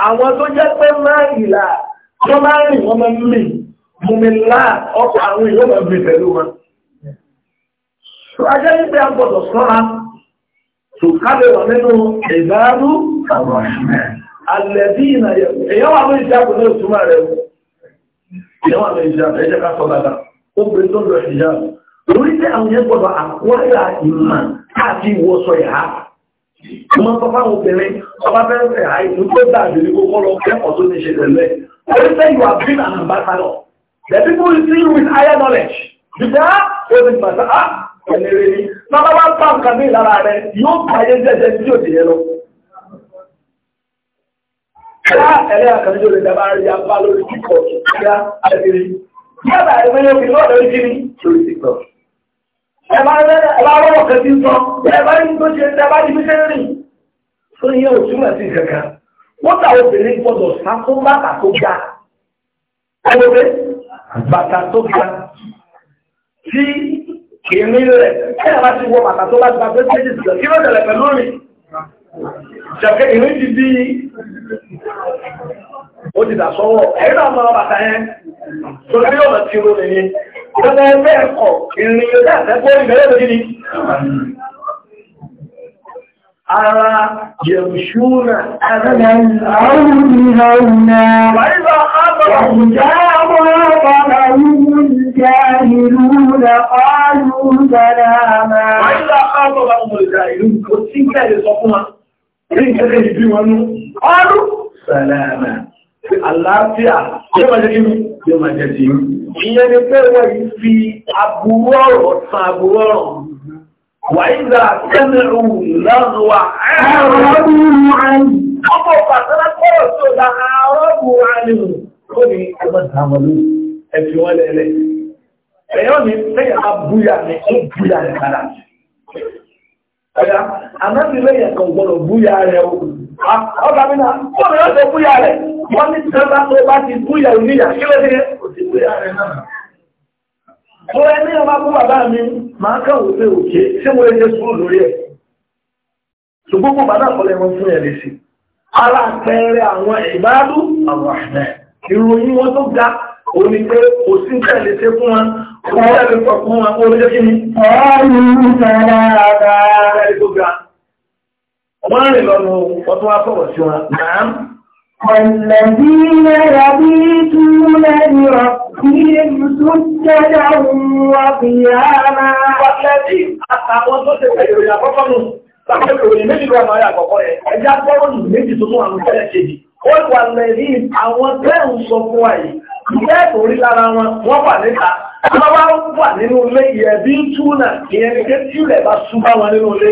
Àwọn tó jẹ́ pé máa ìlà tó máa rìn wọ́n máa ń mì. Lòmìnira ọkọ̀ àwọn èèyàn máa ń bì pẹ̀lú wọn. Ṣé ajẹ́ wípé a gbọ́dọ̀ sọ́ra? tó kábẹ̀ wà nínú ìbáàrú alẹ́bí ìnàyẹ̀ èyàn wà ní ìjábò ní òtúmà rẹ̀ èyàn wà ní ìjábò ẹjẹ́ ká sọ dáadáa ó bèé tó lọ ìjábò lórí tí àwọn yẹn gbọdọ̀ àkúrẹ́lá ìmọ̀ káàkì ìwọ́sọ ìhá ọmọ pápá obìnrin ọba fẹ́ fẹ́ ha ìlú tó dà jù ní kókó lọ kẹ́kọ̀ọ́ tó ní ṣe tẹ̀lé lórí tí you have been an ambassador the people you see with higher knowledge you say ah na ní bàbá bá ń pa nǹkan lára rẹ yóò báyé jẹ́jẹ́ tí yóò dìyẹ lọ. Ṣá ẹlẹ́ àkànjọ́ lè dábàá rí apá lórí kíkọ̀ kíá àgbèrè. Yàrá ẹ̀rọ yóò fi lọ́ọ̀dọ̀ rí kíni lórí kíkọ̀. Ẹ sọ, ẹ bá tó ṣe ẹ bá rìn. sí kankan. Wọ́n obìnrin gbọ́dọ̀ kìíní rẹ̀ ẹ̀yà láti wọ bàtà tó bá gba pé kéjì sílẹ̀ kí ló tẹ̀lẹ̀ pẹ̀lú mi ṣẹ̀kẹ́ ìní ti bí ó ti dàsọ́wọ́ ẹ̀yìn náà mọ́ bàtà yẹn tó ní ọ̀nà tí ó lè ní ọ̀nà ẹgbẹ́ ẹ̀kọ́ ìrìn ìrìn àtẹ́kọ́ ìgbẹ́lẹ́ أرى يمشون على الأرض هونا وإذا خبرهم طلبوا الجاهلون قالوا سلاما وإذا خبرهم الجاهلون كنتم كان يصفون إن كان يجبون قالوا سلاما àlàáfíà yóò máa jẹ́ kí yóò máa jẹ́ sí ìyẹn ni pé wọ́n fi àbúrò ọ̀rọ̀ san àbúrò ọ̀rọ̀ وإذا سمعوا لغوا أعرضوا عنه ọmọ pàtàkì kọ́rọ̀ tí ó dá àárọ́bù àlèrò kó ní ẹgbẹ́sàmọ̀lú ẹ̀fì wọn lẹ́lẹ́ ẹ̀yọ́ ni lẹ́yìn bá búyà ní ó búyà rẹ̀ kára ẹ̀yà àmọ́bí lẹ́yìn kan gbọ́dọ̀ búyà rẹ̀ o ọba mi náà kó mi lọ́sọ̀ búyà rẹ̀ wọ́n ní tẹ́lá tó bá ti búyà níyà kí ló dé tó ẹni ọmọ bú bàbá mi máa káwò pé òkè tí mo lè ṣe sùúrù lórí ẹ̀ ṣùgbọ́n mo bàbá kọ́lẹ̀ wọn fún ẹ̀ lè sí ara pẹ̀rẹ̀ àwọn ìbádú àwọn àmẹ́ ìròyìn wọn tó ga omi pé kò sí tẹ̀lé ṣe fún wọn kò wọ́n lè sọ fún wọn orí jẹ́ kí ni. ọ̀rùn sára ara rẹ̀ tó ga wọ́n rìn lọ́nu ọdún wa wọn náà والذين يبيتون لربهم سجدا وقياما والذين àtàwọn tó ṣe pẹ̀lú ìròyìn àkọ́kọ́ nù tàbí ìròyìn méjì lọ àmọ́ àkọ́kọ́ rẹ̀ ẹjá gbọ́rọ̀ nù méjì tó tún àwọn ìfẹ́lẹ̀ ṣèjì ó wà lẹ́yìn àwọn tẹ́ẹ̀hùn sọ fún wa yìí ìfẹ́ tó rí lára wọn wọ́n wà níta wọ́n wá wà nínú ilé yẹ̀bí túnà ìyẹn ni pé tí bá súbá wọn nínú ilé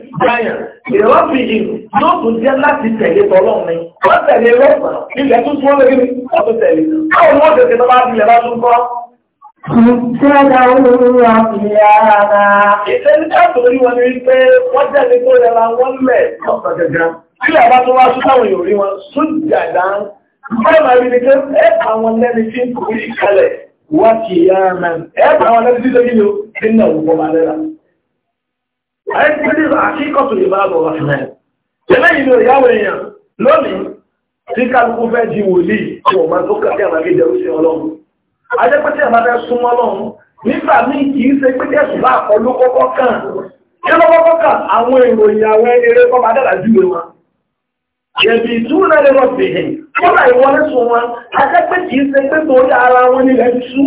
báyà ìrọ̀ fi ìlú yóò tún jẹ́ láti tẹ̀lé tọ́lọ́run ni wọ́n tẹ̀lé rọ́ọ̀pù ilẹ̀ tún tún lórí wọ́n tún tẹ̀lé báwo ni wọ́n tẹ̀lé tó bá tilẹ̀ bá tún kọ́. Ìjọba olúwa fi ara. Ìṣẹ́ni káàtó orí wọn ni wípé wọ́n jáde tó rẹra wọ́n lẹ̀ lọ́sàn gẹ̀gẹ̀. Sílẹ̀ bá tún wá sún táwọn èèyàn rí wọn sún jàdá. Bẹ́ẹ̀ máa rí ni pé ẹ àwọn lẹ́ni tí ń kú ìkàlẹ̀ wá kì í yára mẹ́rin. Ẹ àwọn lẹ́ni tí ń lé nínú nínú àwọn ọmọ alẹ́ rà ẹgbẹ́dẹ́ àkíkọ̀tù ìbáàbọ̀ ọ̀hánẹ́ eléyìí ló yáwó èèyàn lónìí tí kálukú fẹ́ di wòlíì tí wọ́n máa tó kàkẹ́ àwọn akéde ọ̀sẹ̀ ọlọ́run ajẹ́pẹ́tẹ́ àwọn abẹ́ súnmọ́ ọlọ́run nígbà míì kì í ṣe pété ẹ̀sùn bá àkọlù kọ́kọ́ kàn kí ló kọ́kọ́ kàn àwọn ìròyìn àwọn eré kọ́ máa dára júwe wọn yẹ̀bì ìtúwò náà lè lọ bèèrè kọ́nà ìwọlé sùn wọn ajẹ́pẹ́ kì í ṣe pé torí ara wọn nílẹ̀ ń sú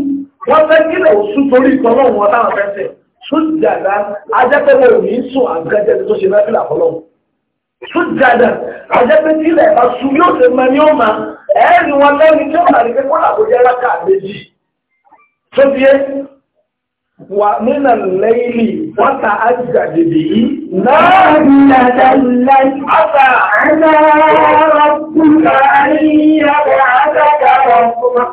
wọ́n fẹ́ kílẹ̀ òsú torí ìtọ́lọ́run ọ̀tá àwọn fẹ́ sẹ́yìn sójàdá ajẹ́pẹ́lẹ́ ò ní sùn àgbẹ̀jẹ́ tó ṣe mẹ́fìlà fọlọ́ sójàdá ajẹ́pẹ́ tí ilẹ̀ bá sùn yóò ṣe mọ ní ọmọ wọn tí ó pé kọ́lá kò jẹ́ wà nínà lẹ́yìnlì wọ́n ta náà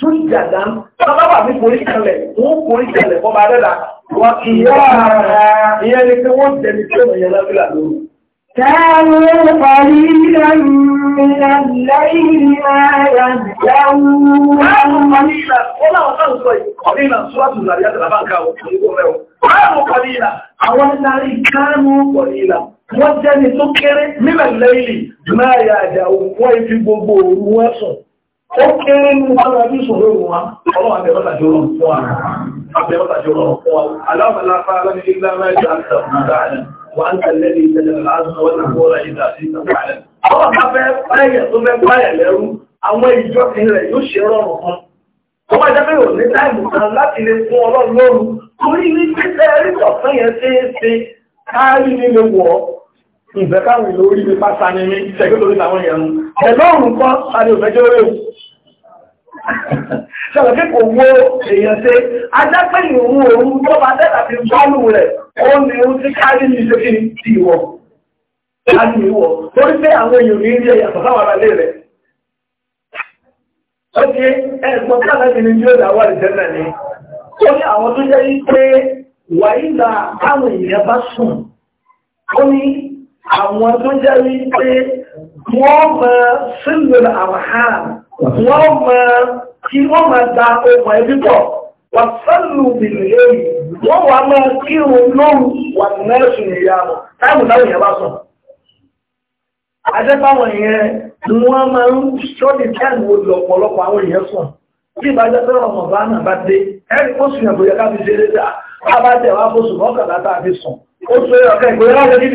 sójàdá bàbá wà ní foríkẹlẹ̀ wọ́n foríkẹlẹ̀ fọ́bà dẹ́dà wọ́n kì í yọ́ ìyẹn ni pé wọ́n jẹ́ ní pé wọ́n yẹ lábílà lóru. Káàrù ọ̀rí ìrìnà lẹ́yìn máa yà jáwú. Káàrù ọ̀rí ìrìnà, ó láwọn káàrù sọ ìkọ̀rí ìrìnà sọ́ọ̀tù làrí àtàlàbá ń káwọ̀ Káàrù ọ̀rí ìrìnà, àwọn lárí káàrù ọ̀rí ìrìnà, wọ́n jẹ́ ni tó kéré nílẹ̀ lẹ́yìn máa yà jáwú, wọ́n fi gbogbo òru wọ́n sùn ó kéré ní ọjọ́ bí ìṣòro wọn ọlọ́wọ́ àbẹ̀bọ́ta jọrọ fún wa àbẹ̀bọ́ta jọrọ fún wa aláwọ̀lá fara ní ilá mẹ́jọ àtàkùnrin wà ń tẹ̀lé ní ìtẹ̀lẹ̀ láàrín wọ́n ní kó rẹ̀ ìdá sí ìtàkùnrin àwọn afẹ́ báyẹ̀ tó fẹ́ báyẹ̀ lẹ́rú àwọn ìjọ ti rẹ̀ yóò ṣe rọrùn fún wọ́n bá jẹ́ pé ò ní táìmù kan láti lè fún ọlọ́run lóru torí ní títẹ́ rí ọ̀sán yẹn ṣe é ṣe káàrí nínú wọ̀ ìbẹ̀káwìn lórí mi pátá ní mi ṣẹ́gbẹ́ lórí àwọn èèyàn ẹ̀lọ́run kan sáré òfẹ́jọ́ rẹ̀ Ṣọ̀rọ̀ pé kò wó èèyàn ṣe, ajápẹ́ ìrùn òun tó bá dẹ́ta fi bọ́ọ̀lù rẹ̀, ó ní ó ti kárí ní ṣe kí ní ti ìwọ̀. Láti ìwọ̀, torí pé àwọn èèyàn ní ilé ẹ̀yà sọ̀tà wàrà lé rẹ̀. Ó ti ẹ̀gbọ́n káàkiri ní tí ó dà wà ìjẹ́nà ni. Ó ní àwọn tó jẹ́ pé wàyígbà táwọn èèyàn bá sùn. Ó ní àwọn tó jẹ́ pé wọ́n mọ wọ́n mọ kí wọ́n mọ da ọmọ ẹbí pọ̀ wọ́n sẹ́lù bìlì lẹ́yìn wọ́n wà mọ kí òun lóru wà nẹ́ẹ̀sì ìyá mọ̀ táìmù táwọn èèyàn bá sọ. Ajẹ́páwọn èèyàn ni wọ́n máa ń ṣọ́dì táìmù olè ọ̀pọ̀lọpọ̀ àwọn èèyàn sùn. Bí ìbájá pé ọmọ bá náà bá dé, ẹ̀rí a fi sùn. Ó sọ ọ̀kẹ́ ìgbóyà wọ́n ní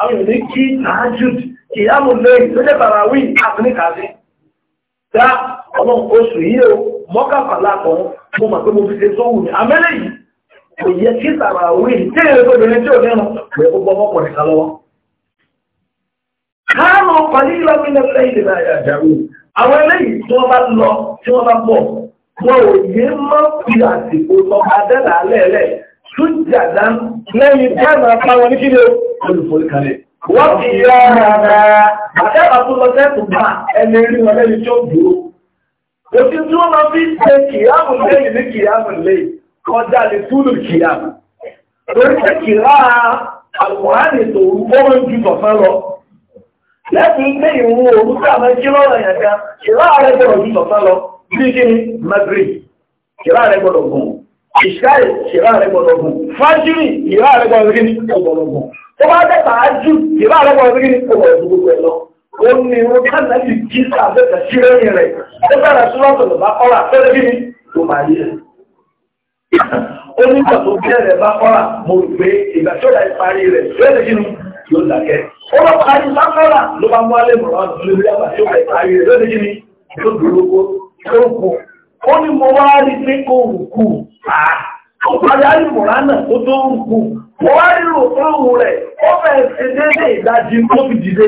àwọn èèyàn ní kí dá ọlọ́run oṣù yìí o mọ́kànlá kan mo mọ̀ pé mo fi ṣe sóhùn ní amẹ́lẹ́ yìí kò yẹ kí tààrà orí tí èrè tó bẹ̀rẹ̀ tí ò ní ọ̀nà pé ó gbọ́mọ́ pọ̀ nìkan lọ́wọ́. káàmù pàdé ìlọ́mìnà lẹ́yìn ìlànà àjàrú àwọn eléyìí tí wọ́n bá lọ tí wọ́n bá pọ̀ wọn ò yé mọ́ fi àsìkò tọ́ka dẹ́là lẹ́ẹ̀lẹ́ tún jàdá lẹ́yìn tí Wọ́n ti yọ ọ̀rọ̀ àtẹ́bà tó lọ sẹ́kù bá ẹni rí wọn lẹ́ni tó dúró. Òtí tí wọ́n máa fi ṣe kìyàmù lẹ́yìn ní kìyàmù lẹ́yìn kọjá lè túlù kìyàmù. Lórí pé kìlá àlùkùránì tó ó ń ju tọ̀sán lọ. Lẹ́kùn pé ìwọ̀n òru tí a máa kí lọ́rọ̀ yẹn kan, kìlá rẹ̀ gbọ́dọ̀ ju tọ̀sán lọ. Bí kí ni Madrid, kìlá rẹ̀ gbọ́dọ̀ gùn. Ìṣkáì, kìlá rẹ̀ gbọ́dọ̀ gùn. Fájírì, kìlá rẹ̀ gbọ́dọ̀ gùn ó bá dẹ̀ tààjú ìbá rẹ̀ wọ̀ rí ọ̀rọ̀ ìgbogbo ó ní irun kánà lè jí sàbẹ̀tẹ̀ sí lẹ́yìn rẹ̀ ó bẹ̀rẹ̀ súnmọ́tò lọ́ba kọ́ra fẹ́rẹ́ bí ló máa yẹ. ó ní ìgbà tó bá kọ́ra mo rò ìgbà tó dà parí rẹ̀ fẹ́rẹ̀ kí ni yóò ó bá parí bá kọ́ra ló bá mú alẹ́ mọ̀ràn lórí àgbà tó dà parí rẹ̀ fẹ́rẹ̀ kí ni dúró kó ó ní mo wá rí pé kó rù kù àá Ọ̀pàdé àìmọ̀rá náà ó tó ń kú. Wọ́n wá nílò fáwọn rẹ̀, ó fẹ́ ṣe déédé ìdájí tó fi dìde.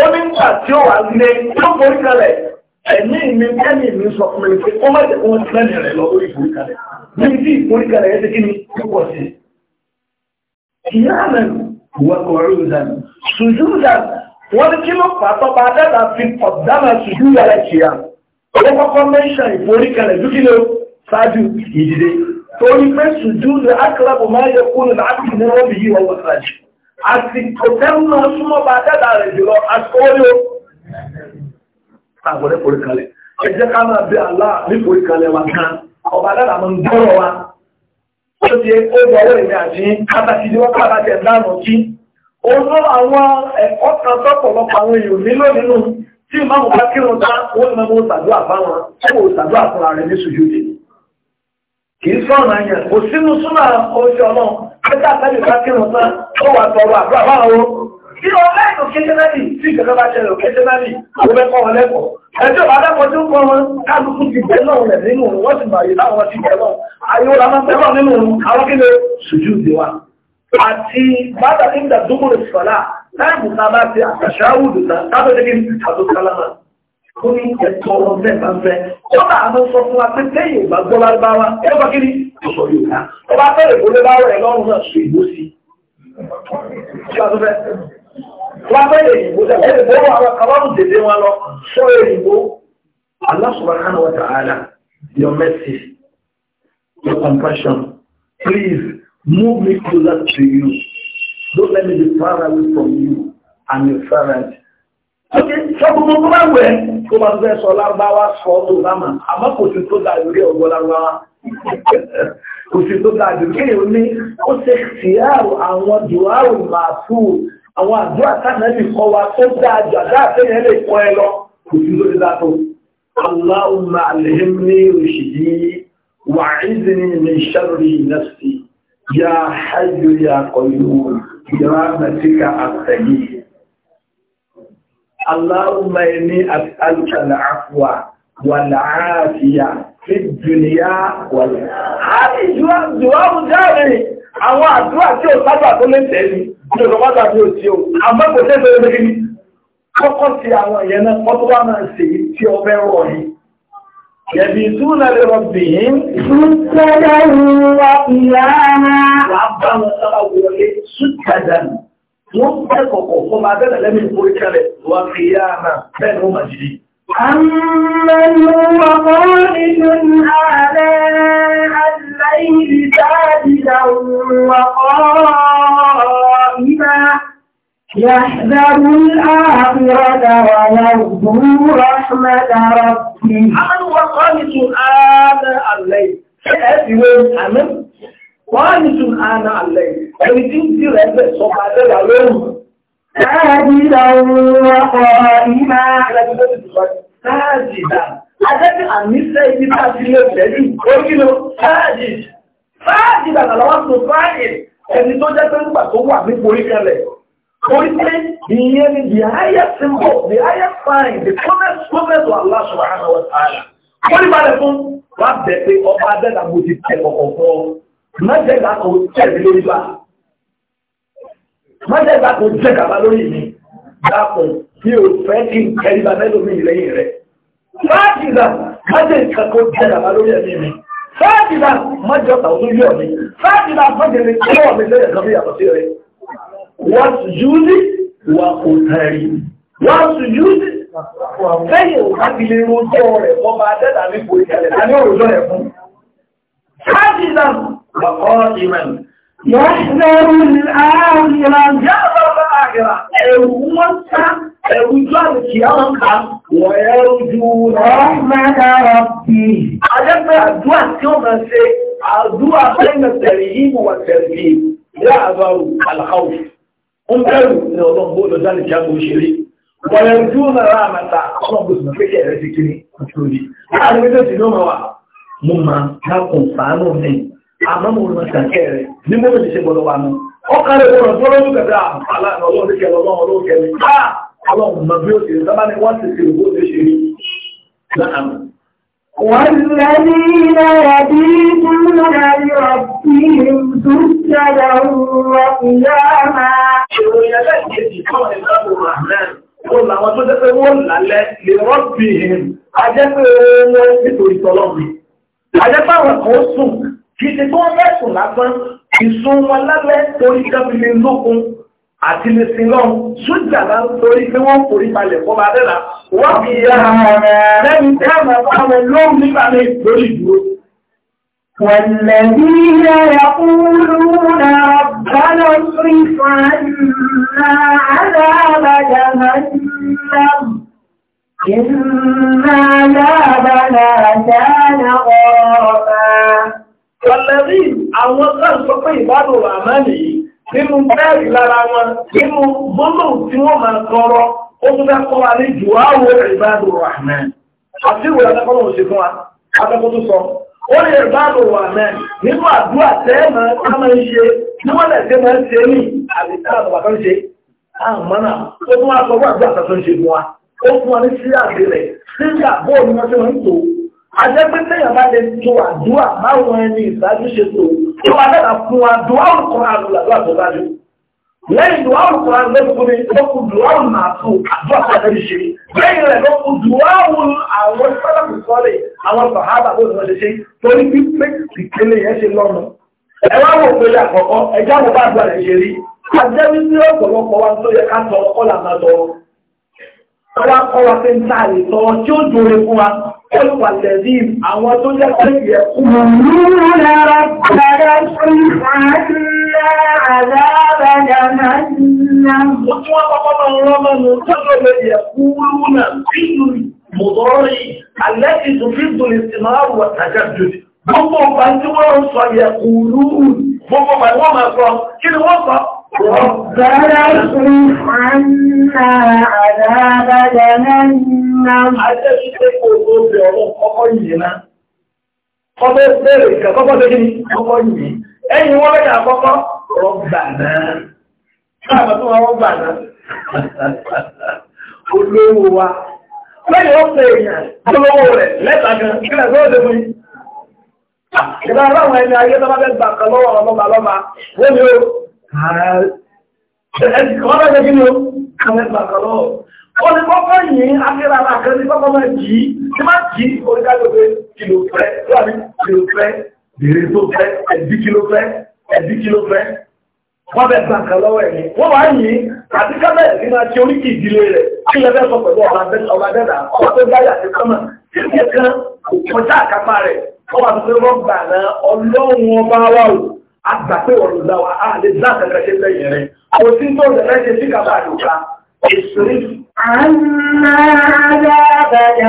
Ó ní nígbà tí ó wà lé tó forí kalẹ̀, ẹ̀mí mi kẹ́mì mi sọ fún mi pé ó má jẹ́ wọ́n rẹ̀ lọ lórí ìforí kalẹ̀ yẹn ti ni ó pọ̀ sí. Ìyá àmẹ́nu wọ́n kọ̀ rí ìdáná. Sùjúdàn, wọ́n ní kí ló fà tọ́pa dẹ́ta fi ọ̀dánà sùjúdàn ìforí kalẹ̀ dúkìlẹ̀ ṣáájú ìdìde torí pé sùjúdù akẹ́lẹ́bù máa yẹ kúrò láti ní wọ́n bí yí wọ́n wọ́n ṣáájú àti òtẹ́mùnà súnmọ́ bá dẹ́dà rẹ̀ jùlọ àtọ́rí ó àgbọ̀dẹ́ forí kalẹ̀ ẹ jẹ́ ká máa bí àlá ní forí kalẹ̀ wa kan ọba dẹ́dà mọ́ ń gbọ́rọ̀ wa ó ti ó bọ̀ ọwọ́ èmi àti kátàkì ni wọ́n kára jẹ dánù kí ó lọ àwọn ẹ̀kọ́ kan tọ́pọ̀lọpọ̀ àwọn èèyàn nílò nínú tí ìmáàmù bá kírun ta wọ́n ní mọ́ sàdúrà fáwọn tí kò sàdúrà fúnra rẹ̀ ní sùjúdì kìí sọ̀rọ̀ àyàn kò sínú súnmọ́ oṣù ọmọ pẹ́tà pẹ́lú kákìrùn tán ó wà tọrọ àbúrò àbáwọ̀ kí o lẹ́nu kéjẹ́nàlì tí ìjọba bá ṣẹlẹ̀ kéjẹ́nàlì àwọn ẹ̀kọ́ wọn lẹ́kọ̀ọ́ ẹjọ́ adákọ̀ọ́ tí ó kọ́ wọn kálukú ti bẹ̀ náà rẹ̀ nínú wọn sì bàyè láwọn ti bẹ̀ náà àyè wọn làwọn bẹ̀ náà nínú àwọn kílẹ̀ sùjú ìdè wa àti bàtà nígbà dúkùrù sọ̀lá láì bùkà bá ti àtàṣà àwùjọ náà tábìlì àtòkálámà ó ní ẹ̀tọ́ ọ̀fẹ́ ìfàfẹ́ ó bá àwọn sọ fún wa pé téèyàn ìgbà gbọ́ lárúbáwá ẹ bá kiri ó sọ yóò ká ó bá fẹ́ èkó lé báwọ̀ ẹ̀ lọ́rùn náà sọ ìbò sí i wá fẹ́ wá fẹ́ èyìnbó ẹ̀ èyìnbó wà lọ kàwárù dèdè wọn lọ sọ èyìnbó Allah subhanahu wa your mercy your compassion please move me closer to you don't let me be far away from you and your parents. Okay, sọ gbogbo gbogbo àwẹ̀ tó bá fẹ́ sọ lárúbáwá sọ tó bá mà àmọ́ kò sí tó dáa lórí ọgbọ́n lárúbáwá kò sí tó dáa lórí kéèyàn ní ó ṣe tìyàrò àwọn dùwárò màásù àwọn àdúrà sànẹ́bì kọ́ wa tó dáa àdá àtẹ́yẹ lè kọ́ ẹ lọ kò sí lórí dáa tó. Allahumma alhimni rushdi wa'idni min sharri nafsi ya hayyu ya qayyum bi rahmatika astaghith Allahumma إني أسألك العفو والعافية في الدنيا والآخرة. هذه دعاء دعاء جاري àwọn àdúrà tí ó sábà tó lè tẹ̀lé ní ọ̀rọ̀mọ́ta tí ó tí ó àmọ́ kò tẹ́ tẹ́lẹ̀ lórí kọ́kọ́ sí àwọn ìyẹn náà kọ́ tó wá máa ṣe tí ó bẹ́ rọ̀ ní wọ́n jẹ́ kọ̀kọ̀ fún ma bẹ́rẹ̀ lẹ́mí orí kẹrẹ wà fi yá àmà bẹ́ẹ̀ ló mà jìdí. Àmàlù wàkọ́rìnún ààrẹ aláìrí dáadìdà wàkọ́rìnà yàdàrú ààbúrọ̀dà wà yàgbú rọ̀ṣmẹ́dà rọ̀bì. Àmàlù wọ́n ní tún àná àlẹ́ ẹni tí ń dìrẹ̀ ẹgbẹ́ sọ́kà àtẹ́là lóhùn. Sáàjìdà òun ọkọ̀ ìmá. Sáàjìdà. Adẹ́kẹ́ àníṣẹ́ ibi tá a ti lè tẹ̀lé ìgbókínú. Sáàjìdà. Sáàjìdà làwọn tó fáyè ẹni tó jẹ́ pé nígbà tó wà nípò ìkẹlẹ̀. Orí pé ìyẹn ni the highest symbol, the highest sign, the promise promise to Allah subhanahu wa ta'ala. Wọ́n ní balẹ̀ fún wa bẹ̀ pé ọba adẹ́dàgbò ti tẹ̀ kọ̀kọ̀ fún ọ mọ́tẹ́gbà kò tẹ̀lé lójú à mọ́tẹ́gbà kò tẹ̀gàbá lórí mi dápọ̀ tí o fẹ́ kí n kẹ́ríba mẹ́lòmí lẹ́yìn rẹ̀ fáàtìlà mọ́tẹ́gbà kò tẹ̀gàbá lórí ẹ̀mí mi fáàtìlà mọ́jọba tó yọ̀ mi fáàtìlà mọ́tẹ́gbà tó yọ̀ mi lẹ́yìn kan bí yàtọ̀ sí rẹ̀ wọ́n sùjúlì wà kò tẹ̀rí wọ́n sùjúlì lẹ́yìn òkàtìlẹ̀ ojú rẹ̀ wọ́n máa dẹ́ta ní kò ìkẹlẹ̀ وقائما يحذر الآخرة يحذر الآخرة أولا أوجد كيانك ويرجو رحمة ربه أجب أدوى كما سي أدوى بين الترهيب والترهيب يعذر الخوف انتظروا إن الله هو لذلك كانوا شريك ويرجون رحمة الله بسم الله فكرة ذكري أتولي أنا بدأت نوم مما كان فانو مني àmọ́ mo rọ̀ sàkẹ́ rẹ̀ ní mo lè ṣe gbọ́dọ̀ wà mọ́ ọkàlẹ̀ mo rọ̀ tó lọ́dún kẹfẹ́ àmàlà ọlọ́run kẹ lọ́wọ́ ọlọ́run kẹ ní ká ọlọ́run mọ̀ bí ó ní wọ́n ti ṣe ìwé ó ṣe rí tó jẹ́ pé wọ́n lálẹ́ lè rọ́bì kì í ṣe tó wọ́n mẹ́sùn lásán ìsun wọn lábẹ́ torí kábílẹ̀ lókun àti lè sin lọ́n sójà bá ń torí pé wọ́n forí balẹ̀ fọ́ bá dẹ́la wọ́n fi ya lẹ́nu káàmà Pẹ̀lẹ̀rí àwọn kan sọ pé ìbádùn Ràmánì yìí nínú bẹ́ẹ̀rì lára wọn nínú gbọ́nà tí wọ́n máa tọrọ ó tún fẹ́ kọ́ wa ní jù áwọ̀ ìbádùn Ràmánì. Àti ìwé ọ̀dọ́kọ́nà ò ṣe fún wa, akẹ́kọ̀ọ́ tó sọ. Ó lè ìbádùn Ràmánì nínú àdúrà tẹ́ máa ń ṣe ní wọ́n lẹ̀ tẹ́ máa ń ṣe ní àbíkà àbàbà kan ṣe. Àmọ́nà ó tún wá sọ fún àdúrà tó ń ṣe fún wa. Ó fún wa Ajẹ́pẹ́tẹ́ yàrá lè tó àdúrà báwọn ẹni ìsájú ṣe tó tó adára fún àdúrà òkùn àrùlà látọ̀dájú. Lẹ́yìn ìdúrà òkùn àrùlà fún mi, ó kù dùrà òun àtò àdúrà pàtàkì ṣe. Lẹ́yìn rẹ̀ ló kù dùrà òun àwọn sálábù sọ́lẹ̀ àwọn sàhábà ló sọ ṣe torí bí pé ìpele yẹn ṣe lọ́nu. Ẹ wá wò pé àkọ́kọ́ ẹjá wo bá àdúrà rẹ̀ ṣe rí. Ajẹ́ wípé ọ̀pọ̀lọpọ̀ wa tó yẹ ká tọrọ kọ́ ọwá kọwa pé ń tàà lè tọ́ tí ó jòrè fún wa ẹlùpà tẹ̀lé àwọn tó jẹ́ pé yẹ kú. Múlùmúlára gbára sí àdúrà àdábàdà máa ń ná. Ó tún wá kọ́kọ́ máa ń rán mọ́nu tọ́jọ́ lè yẹ kú lúnà nínú mọ̀dọ́rì àlẹ́kì tó fi dùn sí máa wọ̀ tàjà jù. Gbogbo ọgbà tí wọ́n sọ yẹ kú lúùn. Gbogbo ọgbà wọ́n máa sọ kí ni wọ́n sọ ربنا اصرف عنا عذاب جهنم àjẹ́ ṣíṣe bẹ̀rẹ̀ àkọ́kọ́ olówó wa lẹ́yìn èèyàn olówó rẹ̀ gan tó fún àwọn ah, ẹni ayé tó bá fẹ́ gbà kan lọ́wọ́ wọ́n ni Ọ̀rọ̀ ẹgbẹ́ gínú, kàmẹ́gbà kọ̀lọ́. Ó ní kọ́kọ́ yìí, akẹ́rà àkẹ́ ní kọ́kọ́ máa jí, tí máa jí oríkàjọ́ pé kìlò fẹ́, láàrí kìlò fẹ́, bèèrè tó fẹ́, ẹ̀dí kìlò fẹ́, ẹ̀dí kìlò fẹ́. Wọ́n bẹ̀ gbà kan lọ́wọ́ ẹ̀yìn. Wọ́n wá yìí, àti kábẹ̀ ní máa ṣe oríkì ìdílé rẹ̀, kí lẹ́fẹ́ sọ pẹ̀lú ọba dẹ́dà, ọba tó dáyà sí kọ́mà, tí ó kẹ́ kan kò kọjá àkápá rẹ̀, ọba tó fẹ́ rọ́gbà àgbàpé ọ̀rọ̀ ìdáwà àlè látẹ̀lẹ̀ ṣe lẹ́yìn rẹ̀. Àwọn tí ń tó rẹ̀ ṣe sí kàbà àdùká, ìṣòrí. Àmà àgbàdà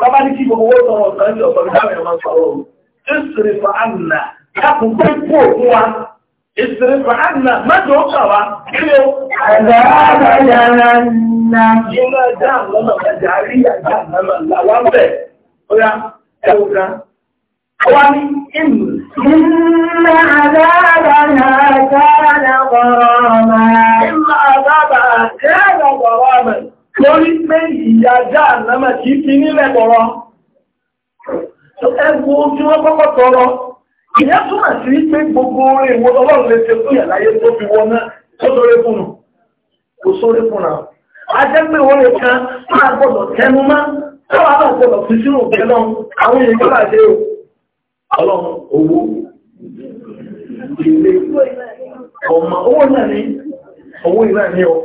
Bàbá ní kí gbogbo owó tọrọ ọ̀sán ní ọ̀sán ìdáwẹ̀ ọmọ sọ̀rọ̀ o. Ìṣòrí fa àmà lápùn pé kú òkú wa. Ìṣòrí fa àmà mẹ́jọ ó kà wá. Kílò. Àgbà àgbàdà náà. Iná dáhùn lọ́nà ọ̀gá jàrí àjà náà làwọn bẹ̀. Ó yá, ẹ إن عذابنا كان غراما إن عذابنا كان pé ìyàjá àlámà kì í fi nílẹ̀ bọ̀rọ̀ ẹgbò tí wọ́n kọ́kọ́ tọrọ ìyá túnmà sí pé gbogbo èwo ọlọ́run lè ṣe fún ìyàláyé tó fi wọná tó sórí fúnnù kò sórí fúnnà a jẹ́ pé wọ́n lè kan máa gbọ́dọ̀ tẹnu mọ́ tó ọlọ́run owó ilé ọmọ owó náà ní owó iná ní ọ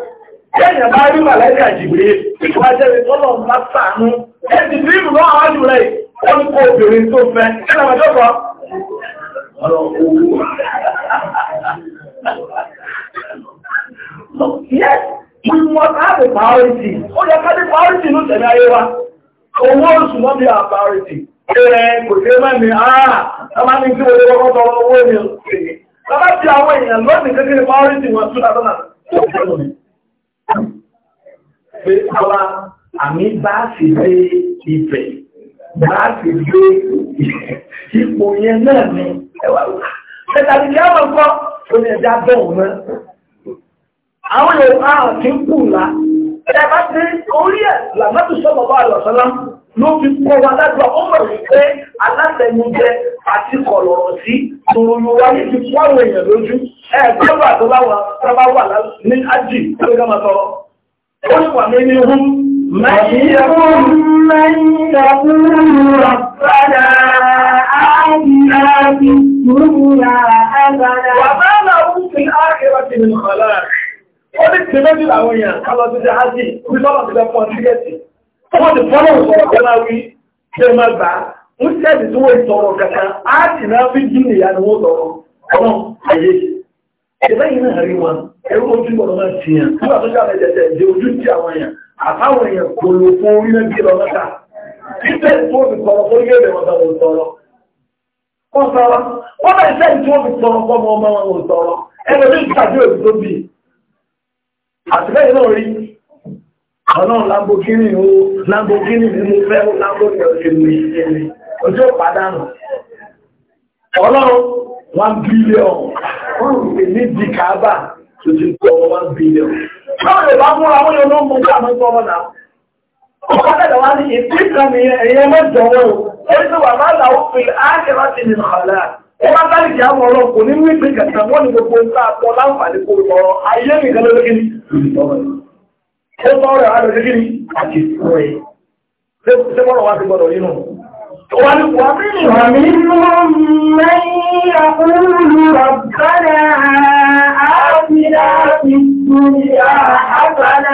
ẹ̀yà bá rí màlẹ́kà jìbìrí ìwà jẹ́rẹ̀ bá sàánú náà wá kó obìnrin tó fẹ́ ẹ̀nà Yes, we must have a Ó yẹ ní tẹ̀lé ayé wa. Owó oṣù a ẹ̀rẹ́ kò ṣe mẹ́ mi àà ọmọ ní kí wọlé wọ́n tọrọ owó èmì òṣèrè lọ́bá tí àwọn èèyàn lọ́nà kékeré priority wọn tún àtọ́nà tó kẹ́ lónìí pé ọlá àmì bá sì gbé ìfẹ́ bá sì gbé ipò yẹn náà ní ẹwà rúkà ẹ̀tàdì kí á mọ̀ kọ́ tó ní ẹja bọ̀ wọn àwọn Yorùbá kí ló fi kọ́ wa lágbà ó mọ̀ wípé àti kọ̀lọ̀rọ̀ sí tòròyìn wáyé ti kọ́ àwọn èèyàn lójú ẹ gbọ́dọ̀ tó bá wà ní ájì tó lè máa sọ̀rọ̀ ó sì wà ní ní hún. Màyíyàwó mẹ́yìnlẹ́kùn rọ̀bádà áyíná bí múra ágbádà. Wà bá náà wú sí Ó ní èèyàn jẹ́ ájì, wọ́n ti fọ́nà òṣèlú kẹ́lá wí ṣe máa gbà á ń ṣẹ́ẹ̀dì tí wọ́n ìtọ̀rọ̀ kankan á sì náà fi jí nìyá ni wọ́n tọ̀rọ̀ ọ̀nà ayé ìlẹ́yìn náà rí wọn ẹrú ojú gbọ́dọ̀ máa ti yàn nígbà tó jáde jẹjẹ ìdí ojú tí àwọn èèyàn àtàwọn èèyàn kò lò fún orí náà bí lọ́nà ká ìfẹ́ tó fi tọrọ fún yé ẹ̀rẹ̀ wọn tọrọ tọrọ wọn tọrọ wọn bá ìfẹ́ tí wọ́n fi tọrọ fún ọmọ ọmọ wọn tọrọ ẹgbẹ́ tó ń tàbí òbí tó bì àtìlẹ́yìn náà rí Ọlọ́run Lamborghini o, Lamborghini ni mo fẹ́ o, Lamborghini ọ̀sẹ̀ mi ìṣẹ́mi, ojú ìpàdánù. Ọlọ́run, one billion, wọ́n rò pé ní Dìkàbà tó ti kọ́ one billion. Báwo lè bá múra wọ́n yóò mú ká mọ́ sọ́wọ́ náà? Ọkọ̀ tẹ̀lẹ̀ wá ní ìpínlẹ̀ mi ẹ̀yẹ mẹ́jọ wọn o, ó ní sọ wà máa làwọn fi áàkẹ́ láti nínú ọ̀la. Ó máa sáré kí àwọn ọlọ́run kò ní wípé kẹta wọ́n ní gbogbo nǹkan àpọ̀ láǹfààní kò lọ ayé ó mọ́rọ̀ àrùn gírí àti ìfúnwé tí mọ́rọ̀ wá ti gbọ́dọ̀ nínú ومنهم من يقول ربنا آتنا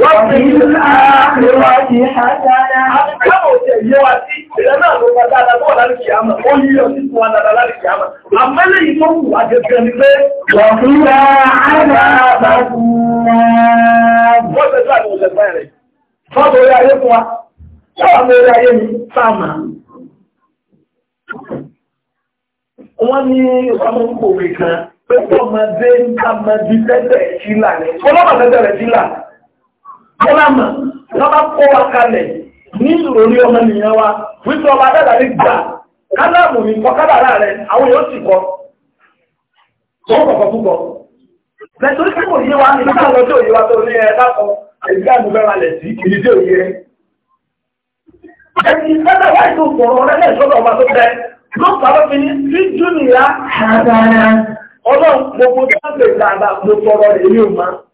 Wọ́n ti ní àárẹ̀wà ti hàtàdà. Àbíkáwò tẹ̀ yẹ wa sí ìrẹ́ náà ló padà àdàbọ̀ láti kìí àmà. Ó yí ọ sí fún wa dàdà láti kìí àmà. Àmẹ́lẹ̀ yìí tó wù àjẹjẹ ni pé. Wọ́n fi ń bá àgbà bá fún wa. Wọ́n tẹ̀sí àmì òṣèlú rẹ̀. Fọ́ọ̀bù orí ayé fún wa. Fọ́ọ̀bù àmì orí ayé mi sáà máa. Wọ́n ní ọmọ ń pòwe kan pé ọmọdé ń ká mọ́ di tẹ́tẹ̀ sílà ni. Ọlọ́mọ tẹ́tẹ̀ rẹ̀ sílà. kọ́lámà lọ́bá kọ́ wa kalẹ̀ ní ìròrí ọmọ nìyàn wa wípé ọba dáadáa gbà kálámù mi kọ kádàrá rẹ̀ àwọn yóò sì kọ tó kọ̀kọ̀ púpọ̀ lẹ́tọ́rí yé wa ní ká wa tó ní mẹ́ra lẹ̀ sí ìdí tí òye rẹ̀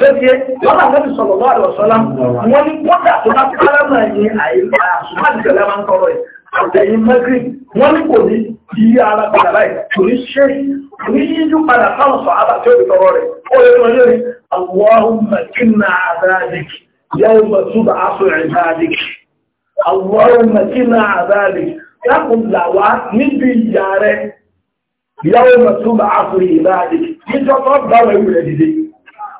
Fẹ́fẹ́ lọ́la lọ́bi sọ̀rọ̀ lọ́wọ́ àlọ́ sọ́lá wọn ni kọ́dà tó bá kára náà ní àyíká àṣùmáàdì tẹ̀lé máa ń kọ́rọ̀ ẹ̀. Àtẹ̀yìn mẹ́gírì wọn ni kò ní di ara padà báyìí ní yíjú padà táwọn sọ tí ó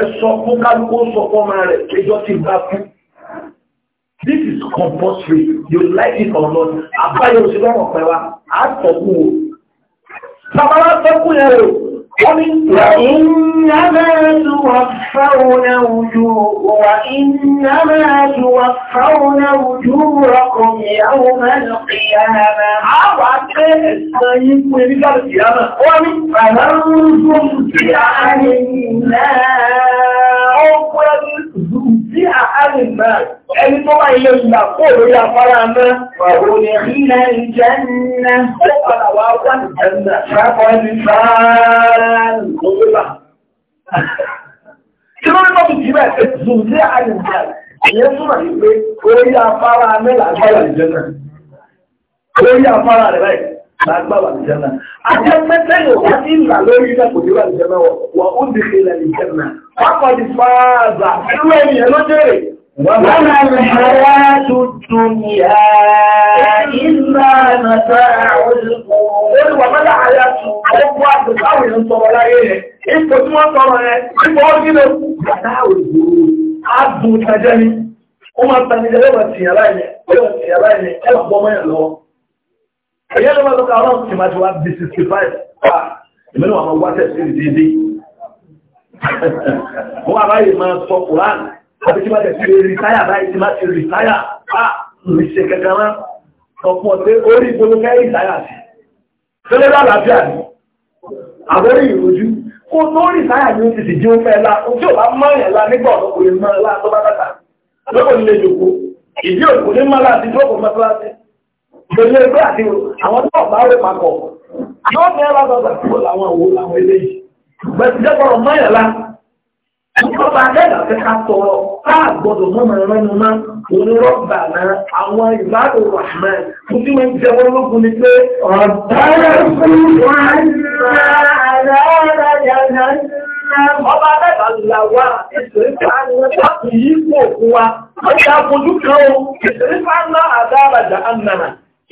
ẹ̀sọ́ fún kálukú sọ fọ́mọ rẹ̀ kéjọ́ ti bá fún. This is compulsory. You like it or not. Àbáyọ̀ òṣèlú ọ̀pẹ̀ wa, àtọ̀kùn o. Bàbá wa tọ́kùn yẹn o. وإنما توفون وجوه وإنما توفون وجوهكم يوم القيامة عوض السيد من ومن زمزع عن النار أول زمزع عن النار المغلقة kí ló ń bọ́ bìtì bẹ́ẹ̀ ṣe zùlẹ̀ àyùbá ìyẹn túmọ̀ sí pé orí afárá mẹ́lá agbára ìjẹ́ náà orí afárá rẹ̀ báyìí lágbára ìjẹ́ náà àti ẹgbẹ́tẹ́ yóò wá sí ìlà lórí iná kò débà ìjẹ́ náà wọ̀ ó dìkìlẹ̀ ìjẹ́ náà wákọ̀ ní fáàzà irú ẹ̀ ló وما الحياة الدنيا إلا متاع القرور وما الحياة ọgbọ́ àtìkáwì ń sọ̀rọ̀ láyé rẹ̀ ipò tí wọ́n sọ̀rọ̀ rẹ̀ ipò ọdínlẹ̀ àtàwì gbòòrò ààbò tàjẹ́ ni ó máa tàbíjẹ́ lẹ́wọ̀ tìyà láìlẹ̀ lẹ́wọ̀ tìyà láìlẹ̀ ẹwà gbọ́mọ́ yẹn lọ ẹ̀yẹ́ máa lọ́kọ̀ àwọn tìmájú wa bí 65 wà àti tí máa tẹ̀ sí rìtáyà báyìí tí máa ti rìtáyà bá ìrìnṣẹ́ kankan rán ọ̀pọ̀ pé orí ìpolówó rìtáyà sí tẹ́lẹ̀ lálàáfíà ní àbórí ìrojú kó tó rìtáyà ní ti sì jí oúnjẹ ẹ̀la tí ò bá mọ́ ẹ̀la nígbà ọ̀dọ́kùnrin mọ́ ẹ̀la tó bá dàgbà lọ́kọ̀ nílé jòkó ìdí òkú ní mọ́lá àti tó kò mọ́tíláṣí ìpele ẹgbẹ́ àti àwọn tó bá rẹ̀ papọ̀ lọ́ọ̀kẹ́ ẹ̀la sọ̀tà Ìjọba Adẹ́gà fẹ́ ká tọrọ káà gbọdọ̀ mọ́mọ ẹ̀rẹ́nu máa onírọ́gbà náà àwọn ìbádò Rahman tó tí wọ́n jẹ́ wọ́n lókun ni pé ọ̀dọ́rẹ́ fún wọn náà àlàáfíà yàrá ọba mẹ́ta là wá ìṣèlú àná yìí kò fún wa ọjà fojú kan o ìṣèlú àná àdáàbàjà àná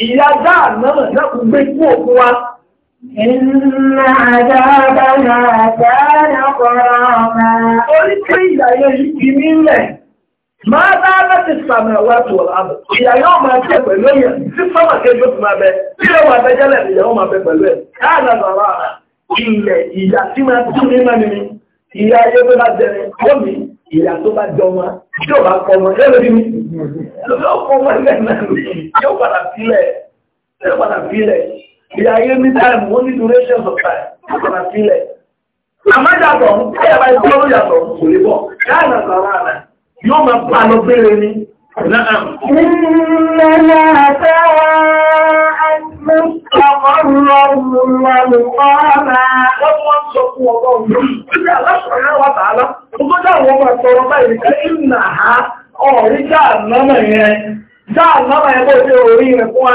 ìyá dáà náà náà gbé kú òkú wa Iná àjábá náà dáná kọ́rọ̀ ọ̀gá. Oríṣẹ́ ìyàyẹ yìí ti nílẹ̀. Máa bá bá ti sàmì àwọn àti wọ̀lá àbọ̀. Ìyàyẹ ọmọ àti ẹ̀ pẹ̀lú ẹ̀yẹ tí sọ́mà kejì ó ti máa bẹ. Bí ẹwà abẹ́jẹ́lẹ̀ ìyàyẹ ọmọ abẹ pẹ̀lú ẹ̀. Káàdà bàbá rà. Ilẹ̀ ìyà tí máa tún ní mẹ́ni ni. Ìyá ayé tó bá jẹni, ó mi ìyá tó bá jọ ọmọ tí ò bá kọ ọmọ yóò lórí mi. Lọ́kọ̀ ìyá ayé ní táìmù ó ní ndị of time àpàdà sílẹ̀ àmájàtọ̀ ń pẹ́ ẹ̀bá ìgbọ́ ló yàtọ̀ kò lè bọ̀ káàdà sàrà àná yóò máa pa lọ ha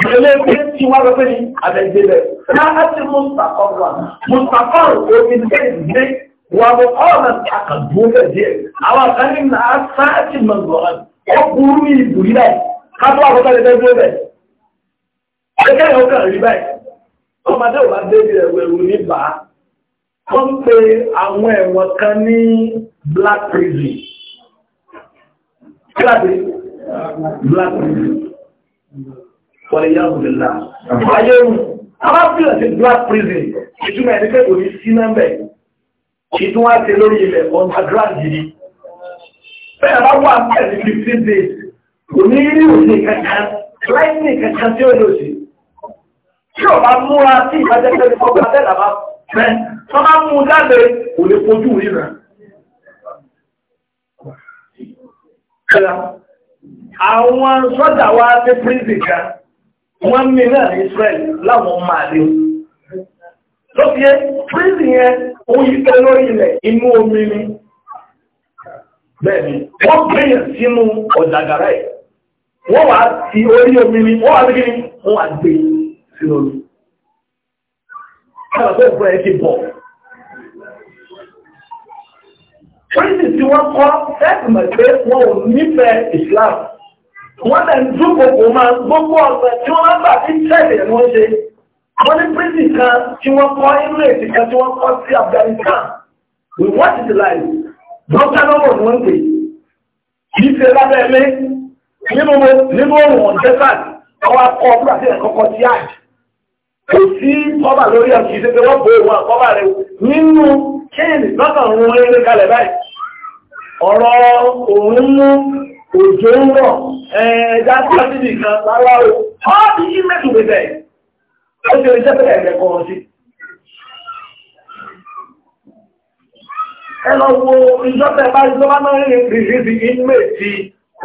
Ìrẹ̀lẹ́gbẹ́ tí wá lọ́pẹ́ ní àbẹ̀jẹ̀lẹ̀. Láti Mùsàkọ́ wà. Mùsàkọ́ òfin gbé wà bọ̀ ọ̀nà àkàdúrà díẹ̀. Àwọn àkàní na a sáàtì mọ̀gbọ̀n. Ó burú ní ìbò yìí báyìí. Ká tó àkọ́kọ́ lè fẹ́ dúró bẹ̀. Ẹgbẹ́ yóò kàn rí báyìí. Ọmọdé ò bá débi ẹ̀rù ẹ̀rù ní bá. Wọ́n ń pe àwọn ẹ̀wọ̀n kan ní Black Prison. Black Prison wọlé yàwó lè là ayé mu abáfíà ti black prison ìtumọ̀ ẹni pé kò ní sí nọ́mbẹ̀ kì í tún wá ṣe lórí ilẹ̀ underground yìí bẹ́ẹ̀ bá wà bẹ́ẹ̀ ní fifteen days kò ní rí òsè kankan láìní kankan tí ó lè òsè tí ọba múra tí ìbájẹ́ tẹ́lẹ̀ fọ́gbà tẹ́lẹ̀ àbá fẹ́ tó bá mú jáde kò lè fojú ríran. àwọn sọ́jà wa ní prison kan wọ́n ní náà Israel láwọn ọmọ àdéhùn lọ́pẹ́ prison yẹn òun yìí tẹ́ lórí ilẹ̀ inú omi ni bẹ́ẹ̀ni wọ́n gbẹ̀yàn sínú ọ̀dàgàrá ẹ̀ wọ́n wá ti orí omi ni wọ́n wá gbé wọ́n wá gbé sínú omi kálàbọ̀ òfin ẹ̀ ti bọ̀ prison tí wọ́n kọ́ fẹ́ẹ̀tì mọ̀ pé wọ́n ò nífẹ̀ẹ́ Islam wọ́n lẹ̀ ń dúnkòkò máa gbogbo ọ̀nà tí wọ́n gbà tí tẹ́lẹ̀ ni wọ́n ṣe wọ́n ní prison kan tí wọ́n kọ́ Emirates kan tí wọ́n kọ́ sí Afghanistan we watch it live lọ́kàlọ́wọ̀ ni wọ́n pè kì í ṣe lábẹ́ ilé nínú nínú òun ọ̀dẹ́sàn ọwọ́ akọ ọdún àti ẹ̀kọ́kọ́ sí àjì kò sí ọba lórí ọkì ìṣẹ́ pé wọ́n bo òun àkọ́bà rẹ̀ nínú kéènì lọ́kàn òun rẹ̀ kalẹ̀ báyìí ọ̀rọ̀ òun mú òjò ń rọ̀ ẹ̀ẹ́dá sáàbí nìkan lára o ọ́ bí i mẹ́tùgbẹ̀tẹ̀ ó ṣe iṣẹ́ bẹ̀rẹ̀ ẹ̀rẹ̀kọ́ sí ẹlọ́wọ́ ìjọ́tẹ̀ bá ìjọba náà rí rí inmé ti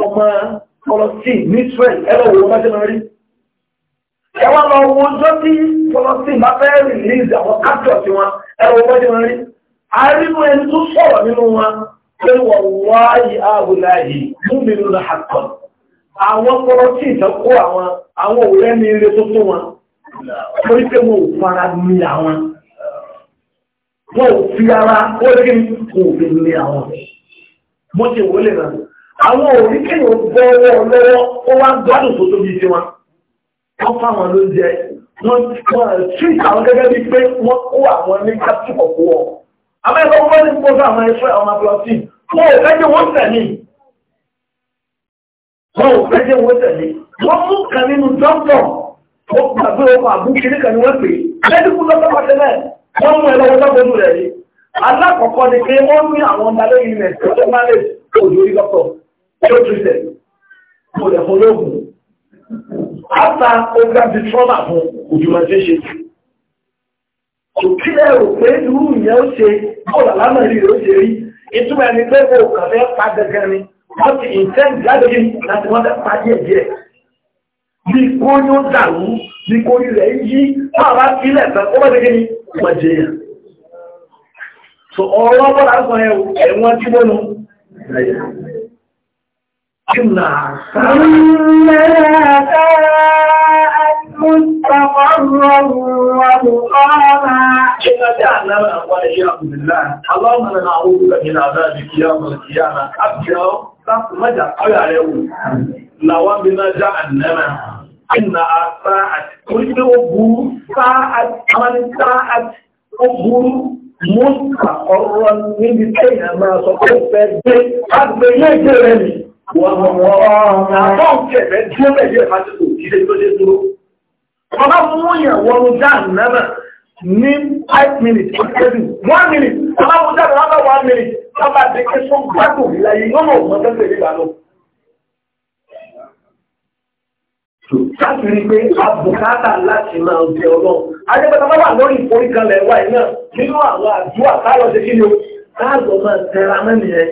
ọmọ pọlọtí ní trend ẹlọ́wọ́ bá jẹ́ lọ rí ẹwà lọ wo ọjọ́ tí pọlọtí bá fẹ́ rìlíìsì àwọn kájọ̀ tí wọn ẹlọ́wọ́ bá jẹ́ lọ rí àárínú ẹni tó sọ̀rọ̀ nínú wọn pé wọ̀wọ́yí ààbùláyì múmìnú na àkọ̀. Àwọn kọ́rọ̀ tí ìtọ́kú àwọn àwọn òwúrẹ́ ní ilé tó tó wọn, torí pé mo fara ní àwọn. Wọ́n ò fi ara ó rí kí ni ó bọ́ ọwọ́ lọ́wọ́ ó wá gbádùn tó tóbi sí wọn. Wọ́n fáwọn ló jẹ. Wọ́n tí àwọn gẹ́gẹ́ bí pé wọ́n kó àwọn ní kápsùkọ̀ kó amẹ́kọ̀ọ́ wọ́n ní gbogbo àwọn ẹ̀fẹ́ ọmọ plọ̀tì wọ́n ò fẹ́ jẹ́ wọ́n tẹ̀lé wọ́n ò fẹ́ jẹ́ wọ́n tẹ̀lé wọ́n mú kan nínú dọ́tọ̀ ó gbàgbé ọkọ̀ àbúkiri kan ní wọ́n pè é lẹ́dínkù lọ́sọ̀ pàtẹ́lẹ̀ wọ́n mú ẹ lọ́wọ́ sábọ́nù rẹ̀ rí alákọ̀ọ́kọ́ ni pé wọ́n ní àwọn ọmọ alẹ́ ilẹ̀ tó tó má lè òjò orí lọ́tọ̀ tó tù sẹ̀ mo lẹ̀ fún lóògùn. Ata ó gbàgbé trọ́mà fún òjò máa ṣe ṣe òkílẹ̀ rò pé irú ìyẹn ó ṣe bọ́ọ̀lù alámọ̀rí rẹ̀ ó ṣe rí ìtumọ̀ ẹni pé kò kàn fẹ́ pa gẹ́gẹ́ ni wọ́n ti ìtẹ́ǹ jáde láti wọ́n fẹ́ pa díẹ̀ díẹ̀ bí kó ní ó dàrú bí kó rí rẹ̀ yí máa bá sílẹ̀ tán ó bá gẹ́gẹ́ ni wọ́n jẹ yẹn. sọ ọ̀rọ̀ bọ́lá sọ yẹn o ẹ̀wọ̀n àṣà? Kí مستقرا ومقاما إن جعلنا وإياكم بالله اللهم أنا نعوذ بك من عذابك يوم القيامة أبكر ما جعل عليه لو بما جعلنا إن ساعة كل أبو ساعة من ساعة أبو مستقرا من سيئة ما سقط به قد بيجرني ومقاما أعطوك بيجرني حتى تجد ọba mú yẹn wọnú jáàmù náà ní five minutes ọ̀kẹ́dù one minute ọba mú jáàmù náà bá one minute ọba dèké fún gbádùn ìlàyé yọ́nà òun tẹ́lẹ̀ nígbà lọ. láti rí pé àbùkátà láti máa jẹ ọlọ́run ajẹ́pẹ́ta bá wà lórí ìforíkanlẹ̀ wáyé náà nínú àwọn àdúrà káyọ̀ ṣe kí ni o káàbọ̀ máa tẹra mẹ́rin yẹn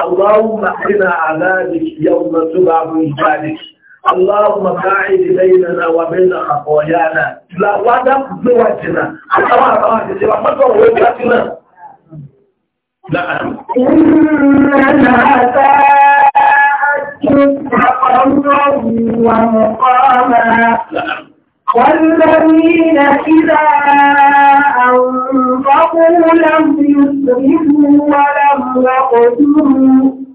àwọn ọmọ àdínà àdáàdì ìyá ọmọ tó bá bú ìbáàdì اللهم باعد بيننا وبين خطايانا لا ودا بوجهنا اما راك ترى ما وجهنا نعم انها ساءت مستقرا ومقاما والذين إذا أنفقوا لم يسرفوا ولم يقتلوا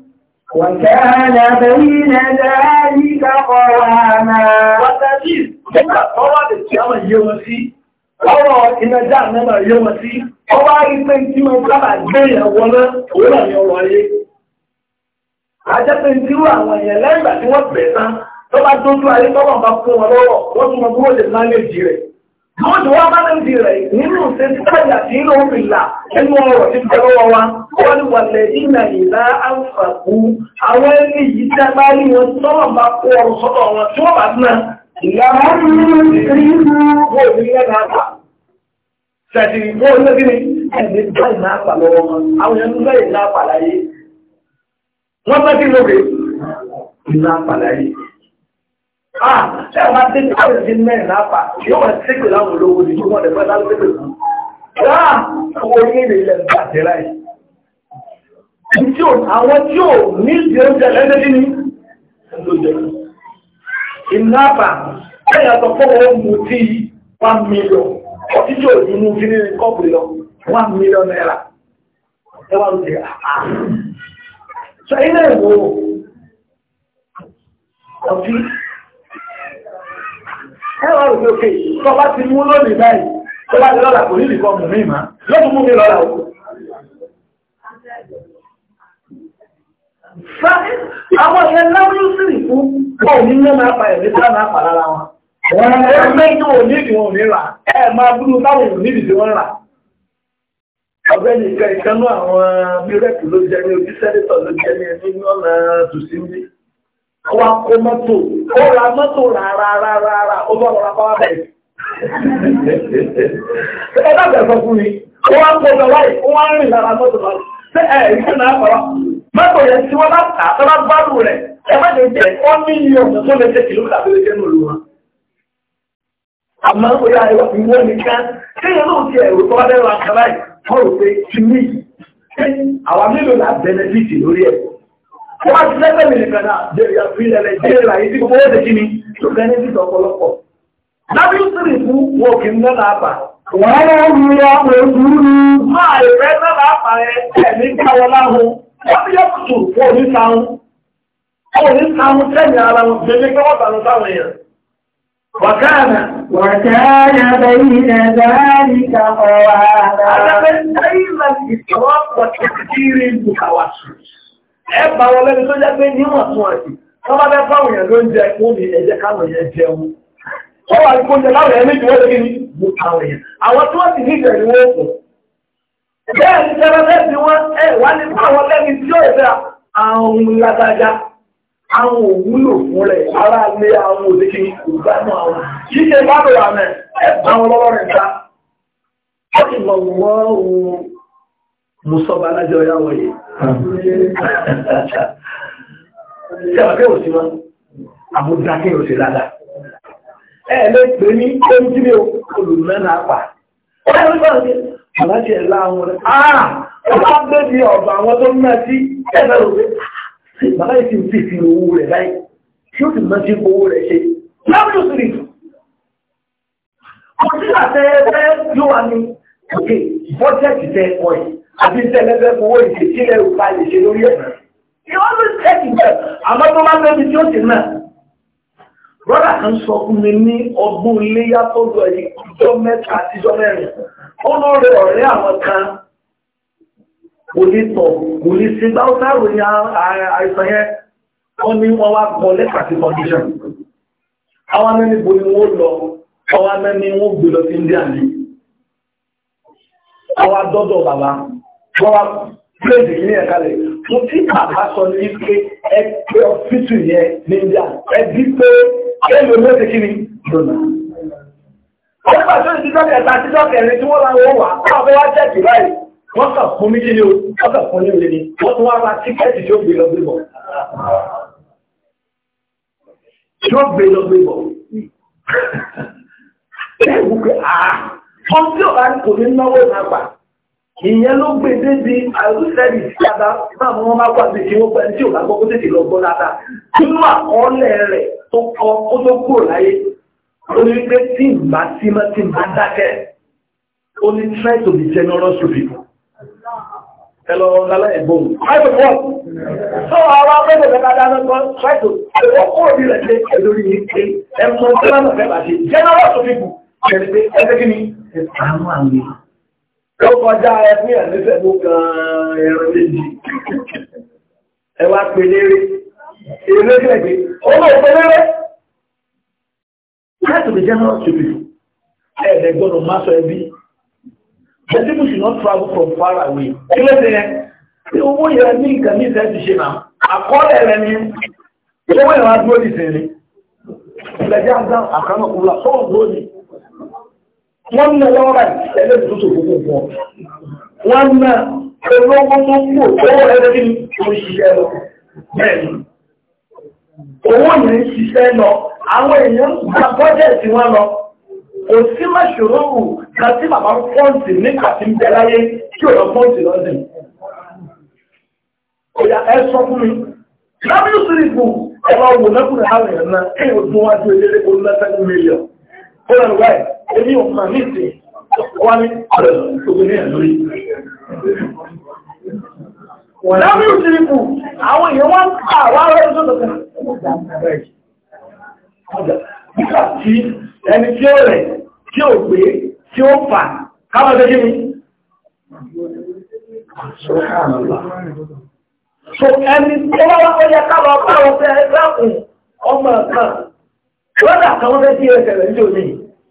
وكان بين ذلك قواما وتجيز nígbà tó wà lè tí àwọn yé wọn sí ọwọ́ iná já mẹ́ta yé wọn sí ọwọ́ àìpé tí wọ́n sábà gbé yẹn wọlé òun àmì ọrọ̀ ayé ajẹ́pẹ́ tí wọ́n àwọn èèyàn lẹ́yìn ìgbà tí wọ́n bẹ̀ẹ́ tán tó bá dójú ayé tọ́wọ́n bá fún wọn lọ́wọ́ wọ́n tún mọ bí wọ́n lè máa lè jí rẹ̀ Mọ́jú wá bá ń di rẹ̀ nínú ṣe ti pẹ̀lá sí inú ìlà ẹnu ọ̀rọ̀ ti pẹ̀lú ọwá. Wọ́n ni wàlẹ̀ ìnà ìlà àǹfààkú. Àwọn ẹni yìí dágbá ní wọn tí wọ́n bá kó ọrùn sọ́dọ̀ wọn tí wọ́n bá náà. Ìyá wọn ní rí mú wọ́n ní lẹ́nu àpà. Ṣẹ̀tì wọ́n ní kí ni ẹni báyìí náà pà lọ́wọ́ wọn. Àwọn ẹni báyìí náà pà láyé. Wọ́n bá kí lóore? Ìlà pà Ah, ṣé wọ́n ti ní àwọn ìdí mẹ́rin lápá yóò wọ́n ti pè láwọn olówó ní ṣùgbọ́n ẹ̀fọ́ láti pè fún ṣáà owó yín ní ilẹ̀ bàjẹ́ láì àwọn tí ò ní ìdí oúnjẹ lẹ́sẹ̀ ní lójẹ́ ìnáàbà ẹ̀yà sọ fún owó mú tí one million ọtí tí ò ní mú kí ní kọ́ọ̀bù lọ one million naira ẹwà ń jẹ àà ṣe ilé ìwò ọtí ẹwà òkè òkè tó bá ti mú lónìí báyìí tó bá ti lọ́la kò nílì kan mú mi mà lọ́tún mú mi lọ́la o. Àwọn ìyẹn lábúrú sí ìfú wọn ò ní ní máa pa ẹ̀mí tá máa pa lára wọn. Wọ́n mẹ́ tí wọn ò ní ìdí wọn ò ní rà ẹ̀ máa búrú táwọn ò ní ìdí tí wọ́n rà. Ọ̀gbẹ́ni ìkẹ́ ìkánú àwọn bírẹ́kù ló jẹ́ ní ojú sẹ́dítọ̀ ló jẹ́ ní ẹni ní ọ̀nà tùsí ń wa kó mọ́tò ó ra mọ́tò rárá rárá rárá ó bọ́ lọ́ra pàwọ́ bẹ̀rẹ̀. ẹ bá bẹ̀rẹ̀ sọ fún mi ó wá kó lọ wáyé ó wá ń rìn lára mọ́tò lọ ṣé ẹ rí sí náà kọ́ra mọ́tò yẹn tí wọ́n bá tà tó bá gbárù rẹ̀ ẹ má lè jẹ́ ó ní iye ọ̀nà tó lè ṣe kìlómítà tó lè jẹ́ nù lùwọ̀n. àmọ́ ó yà ẹwà ìwọ nìkan ṣé yẹn ló ti ẹ̀rù tó wá dẹ́rù àkàrà yìí wọ́n rò pé ti ní àwọn mélòó la bẹ̀nẹ̀fìtì lórí ẹ̀ wọ́n ti lẹ́gbẹ̀ẹ́ mi nìkan náà jẹ́rì àfihànlẹ̀ jẹ́rì àyè tí gbogbo ọ̀dẹ̀ kí ni tó kẹ́ni ti sọ ọ̀pọ̀lọpọ̀. lábíyú sírì fún wọn kì í ná náà bà. wọ́n á mú wa pẹ̀lú ní. máa ìfẹ́ náà bá pa ẹ ẹ̀mí káwọn láhùn wọ́n ti yẹ kùtù fún òní sáhùn. òní sáhùn tẹ́lẹ̀ ara wọn gbèmí kọ́kọ́ bàánú sáhùn yẹn. Wàkánà. Wàkánà bẹ̀yìn ẹ̀dáríkà ọ̀rọ̀ àdá. Àdàbẹ̀ ẹ bá wọn lẹ́ni tó jẹ́ pé níwọ̀ntúnwọ̀nsì wọ́n bá fẹ́ fáwọn èèyàn ló ń jẹ kó ní ẹ̀jẹ̀ káwọn èèyàn jẹun ó wà ní kóúnjẹ láwọn èèyàn méjì wọ́n lè ní mú àwọn èèyàn àwọn tí wọ́n sì ní ìjẹ̀rì wọn kù bẹ́ẹ̀ ní tẹ́lẹ́fẹ́ sí wọn ẹ wá ní fáwọn lẹ́ni tí ó fẹ́ àwọn lágbájá àwọn òwúlò fún rẹ̀ ara lé àwọn òdíkì ìgbàmọ̀ àwọn kì í ṣe bá lò wà mẹ́ ẹ bá wọn lọ́wọ́ rẹ̀ ta ó sì mọ̀ wọ́n musọba alájọ ya wọ̀nyí ṣẹ́wàkẹ́ òsì wọn àbúdákẹ́ òsì ládà ẹ̀ lè pè ní kéńtìlẹ̀ olùmẹ́nà àpà aláṣẹ ẹ̀lá àwọn rẹ̀ ah! àà ọba bẹ́bí ọ̀bà àwọn tó mẹ́ sí ẹ̀fẹ́ òwe ah! bàbá yìí ti fi fi owó rẹ̀ láì tí ó sì mọ́ sí owó rẹ̀ ṣe lábùdó sí rìtù ọtí àtẹ́ẹ̀ẹ́ yóò wà ní òkè bọ́jẹ́tì tẹ́ ẹ̀kọ́ yìí àbí tẹ́lẹ́fẹ́ fowó ìṣe sílẹ̀ òkà ìṣe lórí ẹ̀. He always check it well. Àmọ́ tó bá tẹ́bi tí ó ti náà. Brọ́dà kan sọ fún mi ní ọdún iléyá tó lọ yìí ọjọ́ mẹ́ta àtijọ́ mẹ́rin. Ó lọ rẹ ọ̀rẹ́ àwọn kan. Kò ní tọ̀, kò ní sí gbá ó sáré ní àìsàn yẹn. Wọ́n ní wọ́n wá gbọ́ lẹ́tà sí condition. Àwọn amẹ́ni bo ni wọ́n lọ, àwọn amẹ́ni wọ́n gbé lọ sí India ni. Àwọn adọ́dọ̀ bàbá wọ́n wá pléèdì yìí yẹn kalẹ̀ mo tí bàbá sọ ní pé ẹ pé ọ́fíìsì yẹn ní India ẹ bí pé kéèlò ló ti kíni lónà. ọ̀pọ̀ àti ìdíjọ́ kẹta ìdíjọ́ kẹrin tí wọ́n ra owó wà á fẹ́ wá jẹ́ jù báyìí wọ́n kà fún mi kí ni o wọ́n kà fún mi lè ní wọ́n tún wá ra tíkẹ́ẹ̀tì tí ó gbé lọ gbé bọ̀. tí ó gbé lọ gbé bọ̀. ẹ wù pé àá tí ò ìyẹn ló gbé débi àìrúsẹ́rì sí àdá náà mọ́ máa wà sí kí wọ́n pẹ̀lú tí ò bá gbọ́ kó tètè lọ gbọ́ láta nínú àkọọ́lẹ̀ rẹ̀ tó kọ ó tó kúrò láyé ó ní wípé tí ń bá sí mọ́ tí ń bá dákẹ́ ó ní try to be generous to people. ẹ lọ lálẹ́ ẹ̀gbọ́n. àìsè wọ́n sọ àwọn akẹ́kọ̀ọ́ kẹta dáná kan try to ẹ̀wọ́n kó òbí rẹ̀ ṣe ẹ̀dórí yìí pé ẹ̀mọ́ tí wọ́n náà fẹ́ bá ṣe generous to people. ẹ̀rẹ̀ pé ẹ ó kọjá ẹ̀fín ẹ̀ nífẹ̀ẹ́ mú gan-an ẹran méjì ẹ wá pè léré èrè lẹ́gbẹ̀ẹ́ owó òpè léré láti lè jẹ́ náà tóbi ẹ̀ẹ́dẹ̀ gbọ́dọ̀ má sọ ẹbí the people should not travel from far away kí ló ṣe yẹn tí owó yẹn ní nǹkan ní ìfẹ́ ti ṣe náà àkọọ́lẹ̀ rẹ ni owó yẹn wá dúró nìsín ni ìlẹ̀jẹ̀ àgbà àkànnà kúrò àkọ́ọ̀ lónìí wọ́n ń lọ́wọ́ rẹ̀ ẹgbẹ́ ìtútù púpọ̀ pọ̀ wọ́n ń ná olówó tó pò tọ́wọ́ ẹgbẹ́ ní oṣìṣẹ́ lọ bẹ́ẹ̀ni owó yìí ń ṣiṣẹ́ lọ àwọn èèyàn ń gba bọ́jẹ̀tì wọn lọ kò sí mẹ́ṣòro wù ká sí bàbá pọ́ǹtì nígbà tí ń bẹ láyé kí ò lọ pọ́ǹtì lọ́sìn òyà ẹ sọ fún mi lábíyù síríkù ẹ̀rọ wò lẹ́kùnrin àwọn èèyàn náà kéèyàn tún wájú eléré olùlẹ́sẹ̀ mílíọ̀n ó lẹ́nu báyìí èmi ò kàn ní ìsìn wọ́n ní obìnrin ẹ̀ lórí. Lábí òṣìrìkù, àwọn èèyàn wọ́n kà wá rẹ̀ tó tọ̀tọ̀. Nígbà tí ẹni tí ó rẹ̀, tí ó gbé, tí ó fà, káwọn ṣe kí ni? So ẹni tó wá wọ́n yẹ káwọn bá wọn fẹ́ ẹgbẹ́ ọmọ kan, lọ́dà kan wọ́n fẹ́ sí ẹsẹ̀ rẹ̀ ní òní.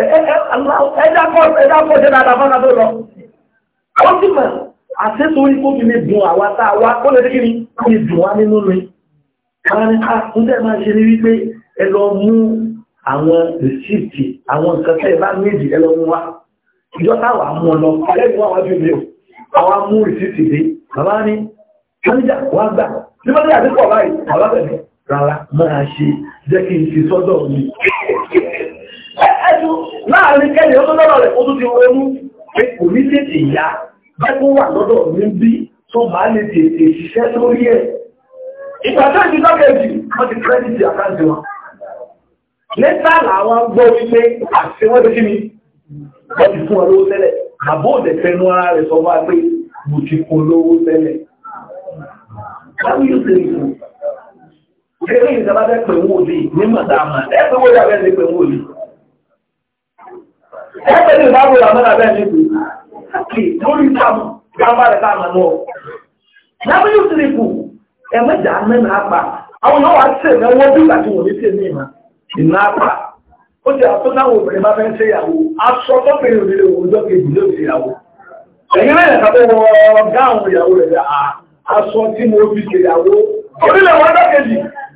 ẹ̀dàkọ́ ṣe dáadáa fọ́nà tó lọ. Àwọn tí mọ̀ àṣẹ́sọ orí kó fi lè dùn àwa tá a wá kó lè dé kiri kó lè dùn wá nínú rẹ̀. Àwọn ni a ń tẹ́ máa ṣe ní wípé ẹ lọ mú àwọn rìsíìtì àwọn nǹkan tẹ́ bá méjì ẹ lọ mú wá. Ìjọ táwa mú ọ lọ, ẹlẹ́yìn wá wájú mi ò. Àwa mú rìsíìtì dé, bàbá ní Kánìjà wá gbà. Nígbà tí àdúgbò báyìí, bàbá bẹ̀rẹ̀ rárá ṣẹ́jú láàrin kẹ́yìn ó tó lọ́rọ̀ rẹ̀ ó tó ti ronú pé kò ní tètè yá bẹ́kú wà lọ́dọ̀ ní bí tó máa lè tètè ṣiṣẹ́ lórí ẹ̀ ìgbàtọ́ ìdí lọ́kẹ̀ẹ́jì wọ́n ti kírẹ́dìtì àkáǹtì wọn lẹ́tà làwọn gbọ́ wípé àti wọ́n ti kí ni wọ́n ti fún ọ lówó tẹ́lẹ̀ àbó òdẹ̀ fẹnu ara rẹ̀ sọ wá pé mo ti fún lówó tẹ́lẹ̀ báwo yóò ṣe ìfún kéré ìjọba fẹ́ pè wọ́n òdì nímọ̀ dáa mọ̀ ẹ pé wọ́n yà fẹ́ pè wọ́n òdì Ẹgbẹ́ ní ìbáwò ìrànlọ́nà bẹ́ẹ̀ ní ìlú. Kì lórí ìtàmù gbámbá rẹ̀ láàmà náà. Lábíyù sí ipò ẹ̀mẹ́jà mẹ́rin àpà. Àwọn yóò wá sí ẹ̀mẹ́ wọ́n bí ìgbà tí wọ́n ní sí ẹ̀mí ìmọ̀. Ìná àpà. Ó ti àtún náà obìnrin bá fẹ́ ń ṣèyàwó. Aṣọ tọ́pìnrin òdìlé òwúrọ̀ kejì ló ti yàwó. Ẹ̀yin lẹ́yìn àtàkùn wọ gáàmù ìyàwó rẹ̀ aṣọ tí mo fi ṣèyàwó. Orílẹ̀ wọn dọ́kejì.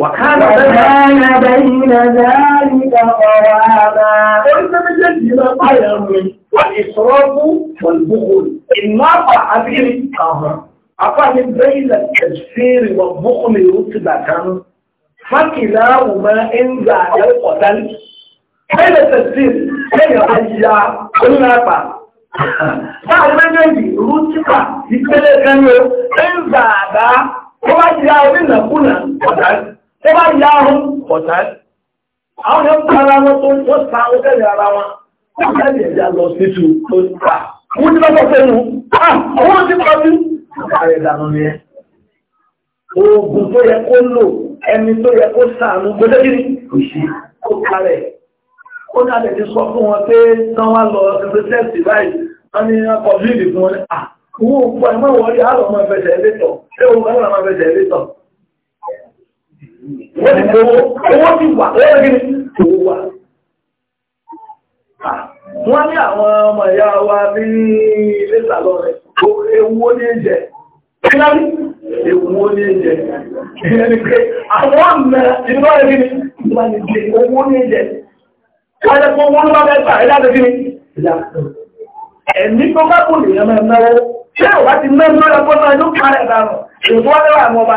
وكان بين ذلك قواما قلت بجد ما قيم والإسراف والبخل إما فعبير الطهر أقام بين التجفير والبخل رتبة فكلاهما إن زاد القتل بين التجفير بين الرجاء قلنا فا Láàrin méjèèjì, rútíkà, ìpele kan ló ń zàdá, ó bá jẹ́ onínàkúnà ọ̀dájú tó bá yá ọrùn ọ̀tán àwọn yóò ká ara wọn tó wọ́n sa ọgẹ́rẹ̀ ara wọn ọgẹ́rẹ̀ ẹ̀dá lọ sí tu tó ń pa ah, wọ́n ti lọ́pọ̀ sẹ́nu ọwọ́ ti pọ̀ sí ààrẹ ìdànù ni ẹ oògùn tó yẹ kó lò ẹni tó yẹ kó sàánú gbẹ́lẹ́gìrì kò sí kó kárẹ̀ ó ní àlẹ́ ti sọ fún wọn pé tán wá lọ ẹgbẹ́sẹ̀sì báyìí wọ́n ní ọkọ̀ bíìlì fún wọn ní àwọn òkú ẹ̀mọ́ ìwọ́rí àlọ́ ọmọ ẹgbẹ́sẹ̀ ẹlẹ́tọ̀ wọ́n ti kó owó ti wà owó ti tó wà. Ah, wọ́n ní àwọn ọmọ ìyá wa ní ilé ìsàlọ́ rẹ̀, ewu ó ní jẹ. Kíláàrí, ewu ó ní jẹ. Ìyẹn pé àwọn ọ̀nà inú ẹ̀rí ni, ìgbà ní jẹ owó ní jẹ. Káyẹ̀ fún owó ló bá fẹ́ gbà ẹ̀dá tẹ́kí ni. Ẹ̀mí tó bá kù nìyẹn máa náwó. Ṣé ò bá ti náwó lọ́pọ̀ náà yóò kárẹ̀ dànù? Èkó wá àwọn ọba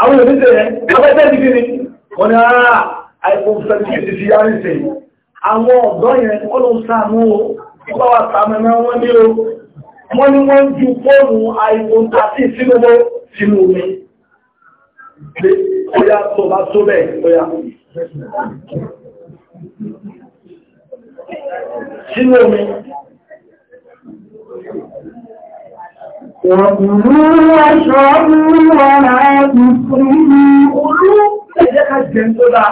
àwọn òdíṣẹ́ yẹn ọgbẹ́tẹ́ ti gíní wọ́n ni ara àìkòfẹ́sì ti yárí sí àwọn ọ̀dọ́ yẹn olóòsàmú ìpáwà sàmẹ́mẹ́ wọ́n ní o wọ́n ni wọ́n ju fóònù iPhone 13 sínú mọ́ sínú omi ọya tó وَكُلُوا وَاشْرَبُوا وَلَا تُسْرِفُوا Olú ẹ̀jẹ̀ ká jẹun tó dáa,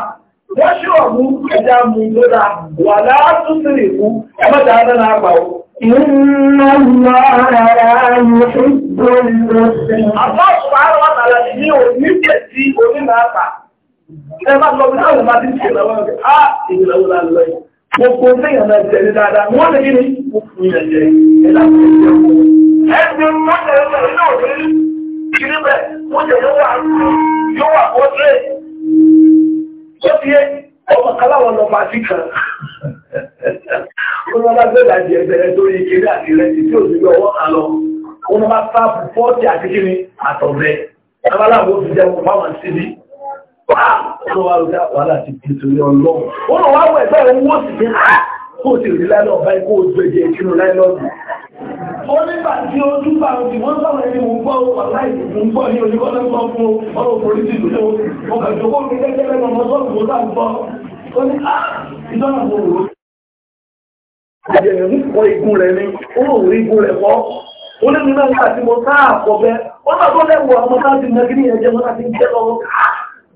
wọ́n ṣọ̀bù ẹja mú tó dáa, wà látún sí ìkú, ẹgbẹ́ta náà àgbà ó. Iná lọ ara yóò ṣe gbọ́nà sí. Àbá ọ̀pá àwọn àtàlà ní onígbè tí onímọ̀ àpà. Ẹ Gbogbo lẹ́yìn ọ̀nà ìtẹ̀lé dáadáa, wọ́n lè ní ìfún ìrẹ̀jẹ̀ ẹ̀dá fún ìjẹ́ ọmọ. Ẹgbẹ́ mọ́tẹ̀ ẹgbẹ́ inú òní, kìí bẹ̀, mọ́tẹ̀ yóò wà rú, yóò wà kó tẹ́. Ó ti yé, ọmọ kaláwọn lọ wàhálà ti di torí ọlọ́run ó lọ wá wẹ̀ bẹ́ẹ̀ owó sì ti há kó o sì rí láìlọ́ báyìí kó o gbèjì ìṣúná láìlọ́ bù. ó nígbà tí ó dúpà òdì wọ́n sọ̀rọ̀ ẹni mò ń gbọ́ wà láì mò ń gbọ́ ní oníkọ́lẹ́ sọ fún ọ̀rọ̀ òfòrí ti dùn ó kà jókòó mi gẹ́gẹ́ lẹ́nu ọmọ sọ́ọ̀tù tó sáà ń bọ́ ó ní á ìdánwò mo rò ó. àjẹyẹ̀ ń kọ igun rẹ̀ ni ó lò rí igun rẹ̀ kọ́ ó lé mi náà nígbà tí mo sáà kọ bẹ́ẹ̀ ó náà tó lẹ́wọ̀ ọmọ sáà ti mọ kí ni ẹ̀jẹ̀ mọ́ láti jẹ́ lọ́wọ́ káà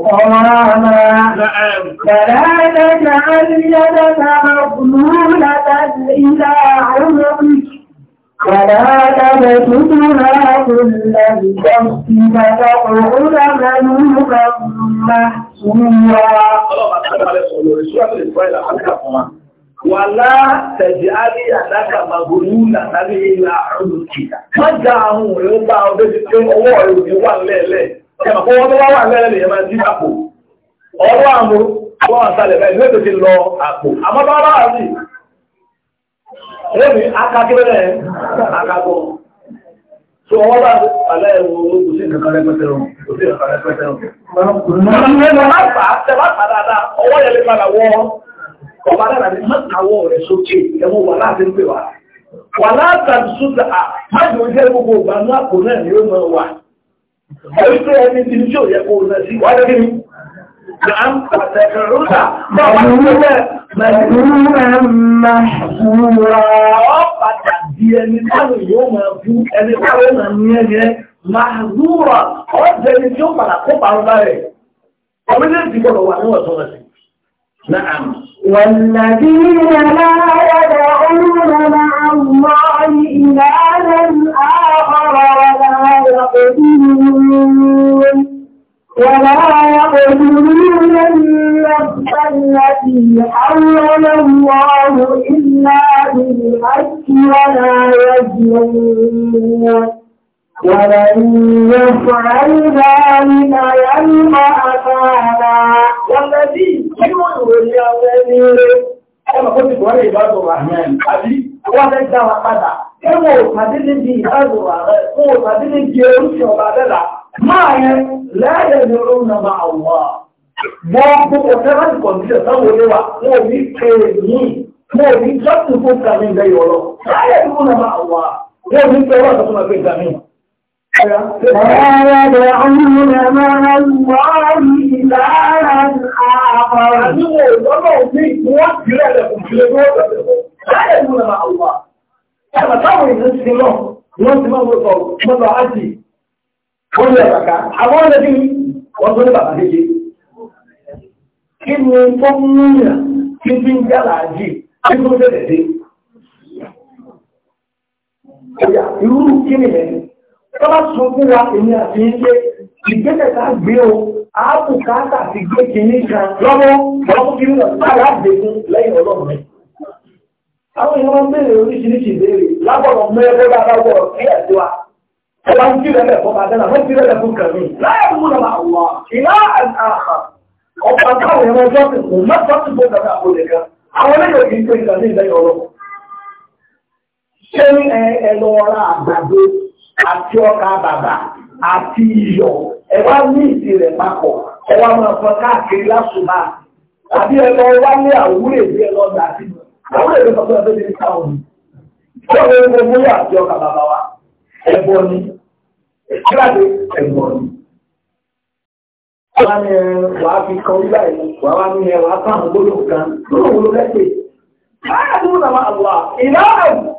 غراما فلا تجعل يدك مغلولة إلى عنقك ولا تبسطها كل البسط فتقعد ملوكا محسورا Wàlá tẹ̀jì árí àdáka ahụ. nàtàrí ilẹ̀ àrùn kìí. Má já àwọn òun ẹ̀mọ̀ kó wọ́n tó wá wà lẹ́rẹ̀ lè máa dí àpò ọwọ́ àmú wọ́n wà sálẹ̀ báyìí ló tètè lọ àpò àmọ́ bá wà sí lẹ́bi akákẹ́lẹ́ akágọ́ tó ọwọ́ bá alẹ́ ẹ̀wọ̀ kò sí nǹkan rẹpẹtẹ rọ kò sí nǹkan rẹpẹtẹ rọ. ọ̀nà máa fà á tẹ bá fà dáadáa ọwọ́ yẹn lè padà wọ́ ọ̀pá dáadáa ni má kàwọ́ rẹ̀ sókè ẹ̀wọ̀n wà láti ń pè wá wà látàdúsúdà má jòjẹ́ gbogbo ìgbà náà kò náà ni ó máa wà. Ẹgbẹ́ ẹni tí ń ṣò yẹ kó lẹ sí wáyé kí ni? Màhàzúra ọ̀dẹ́ ni tí ó padà kó parun bá rẹ̀. Ọmọdé ti gbọ́dọ̀ wà níwọ̀n sọ́rọ̀ sí. Na'am. Wàlàdí يقتلون ولا يقدرون النفس التي حرم الله إلا بالحق ولا يجنون ولن يفعل ذلك يلقى أثاما والذي يقول يا ọmọ kó ti kọ́rẹ́ ìbáàdù rahman àbí wọ́n fẹ́ dá wa padà ẹwọ́ òtàdílé di ìbáàdù rahman fún òtàdílé di orúṣẹ́ ọba dẹ́là máa yẹn lẹ́yẹ̀ ní orún nàmà àwọ̀ wọ́n gbogbo seven conditions táwọn olé wa wọ́n ní kéèrè ní wọ́n ní ولا يدعون مع الله إلها آخر Ẹ̀mà táwọn ìrìn sí lọ, wọ́n ti máa wọ́pọ̀ mọ́lọ ájì, ó lè bàká, àwọn ọ̀lẹ́bí wọ́n tó ní bàbá méje. Kí ni tó múyàn kí bí ń jálà ájì, kí tó jẹ́ tọ́lá sọ fún wa èmi àti ilé ìgbésẹ̀ta gbé o àápù káàtà ti gbé kìíní kan lọ́wọ́ lọ́wọ́ kí nínú sára àgbẹ̀kún lẹ́yìn ọlọ́run rẹ̀. àwọn èèyàn máa ń béèrè oríṣiríṣi ìbéèrè lábọ̀rọ̀ mẹ́rẹ́ bọ́lá wọ̀ sí ẹ̀sìn wa ẹ bá ń kí rẹ̀ fún àdánà wọ́n ti rẹ̀ fún kàmí láyé mú nà máa wọ̀ ìlà àhà ọ̀pọ̀ àtàwọn èèyàn ọjọ́ ti kù mẹ́tọ́ ti bó kàmí àpòlẹ̀ kan àwọn eléyìí kì í pé ìkàmí ìlẹ́yìn ọlọ́run ṣé ẹ lọ ra àgbàdo àti ọkà bàbà àti iyọ̀ ẹ wá ní ìdí rẹ̀ papọ̀ ẹ wá máa fọ káàkiri lásùmá àbí ẹ lọ wá ní àwúrò èdè ẹ lọ gbà sí àwúrò èdè sọ pé ẹ bẹ́ẹ̀ ní káwọn ni kí ọ̀rọ̀ ẹ̀ gbogbo yà àti ọkà bàbà wa ẹ bọ ni kíláàdé ẹ bọ ni. wọ́n ní ẹ wàá fi kan wíwá ẹ̀ wàá wá ní ẹ wàá fáwọn gbólóhùn kan gbólóhùn ló lẹ́sẹ̀. báyà tó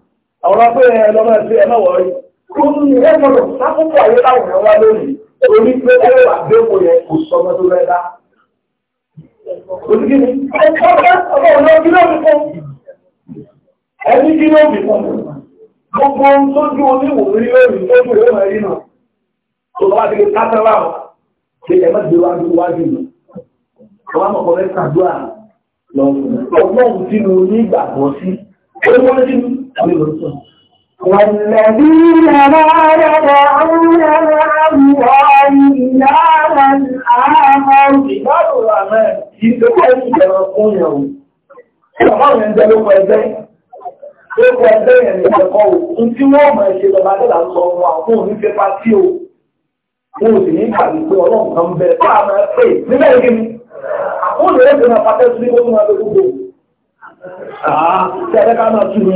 àwọn ọgbẹ́ ẹlọ́mọ ẹgbẹ́ ẹlọ́wọ́ rí kó ní ẹgbọ́dọ̀ sákòókò ayé láwọn ẹ̀rọ wá lónìí orí pé ẹ̀rọ àgbẹ̀wò yẹn kò sọ ọmọ tó lẹ́dá. Òtí kìíní, ọmọ ọ̀nà kìlọ́ọ̀mù fún ẹni kìlọ́ọ̀mù fún gbogbo ohun tó ju oníwòrí lórí tó ju ìwé wọn rí nà. Tó bá ti kátà láwọn ṣe ẹ̀ má wájú wájú nù. Àwọn amọ̀kọ̀rẹ́ ṣàdúrà lọ́wọ́. Ọlọ́run tí mo ní ìgbàgbọ́ sí, ó ní wọ́n ní والذين لا يدعون مع الله إلها آخر Ọlọ́run ẹ̀jẹ̀ ló pọ̀ ẹgbẹ́, ló pọ̀ ẹgbẹ́ yẹn ní ẹ̀kọ́ ò, ń tí wọ́n mọ̀ ṣe lọ́ba dẹ́là lọ wọn àwọn òní fẹ́ pa tí o, wọn ò sì ní ìgbàgbé pé ọlọ́run kan bẹ tó àmọ́ pé nílẹ̀ yìí ni, àwọn òní rẹ̀ ti máa pàtẹ́ sí ní gbogbo àgbẹ̀ gbogbo. Àá, tí ẹ̀rẹ́ ká máa tú mi.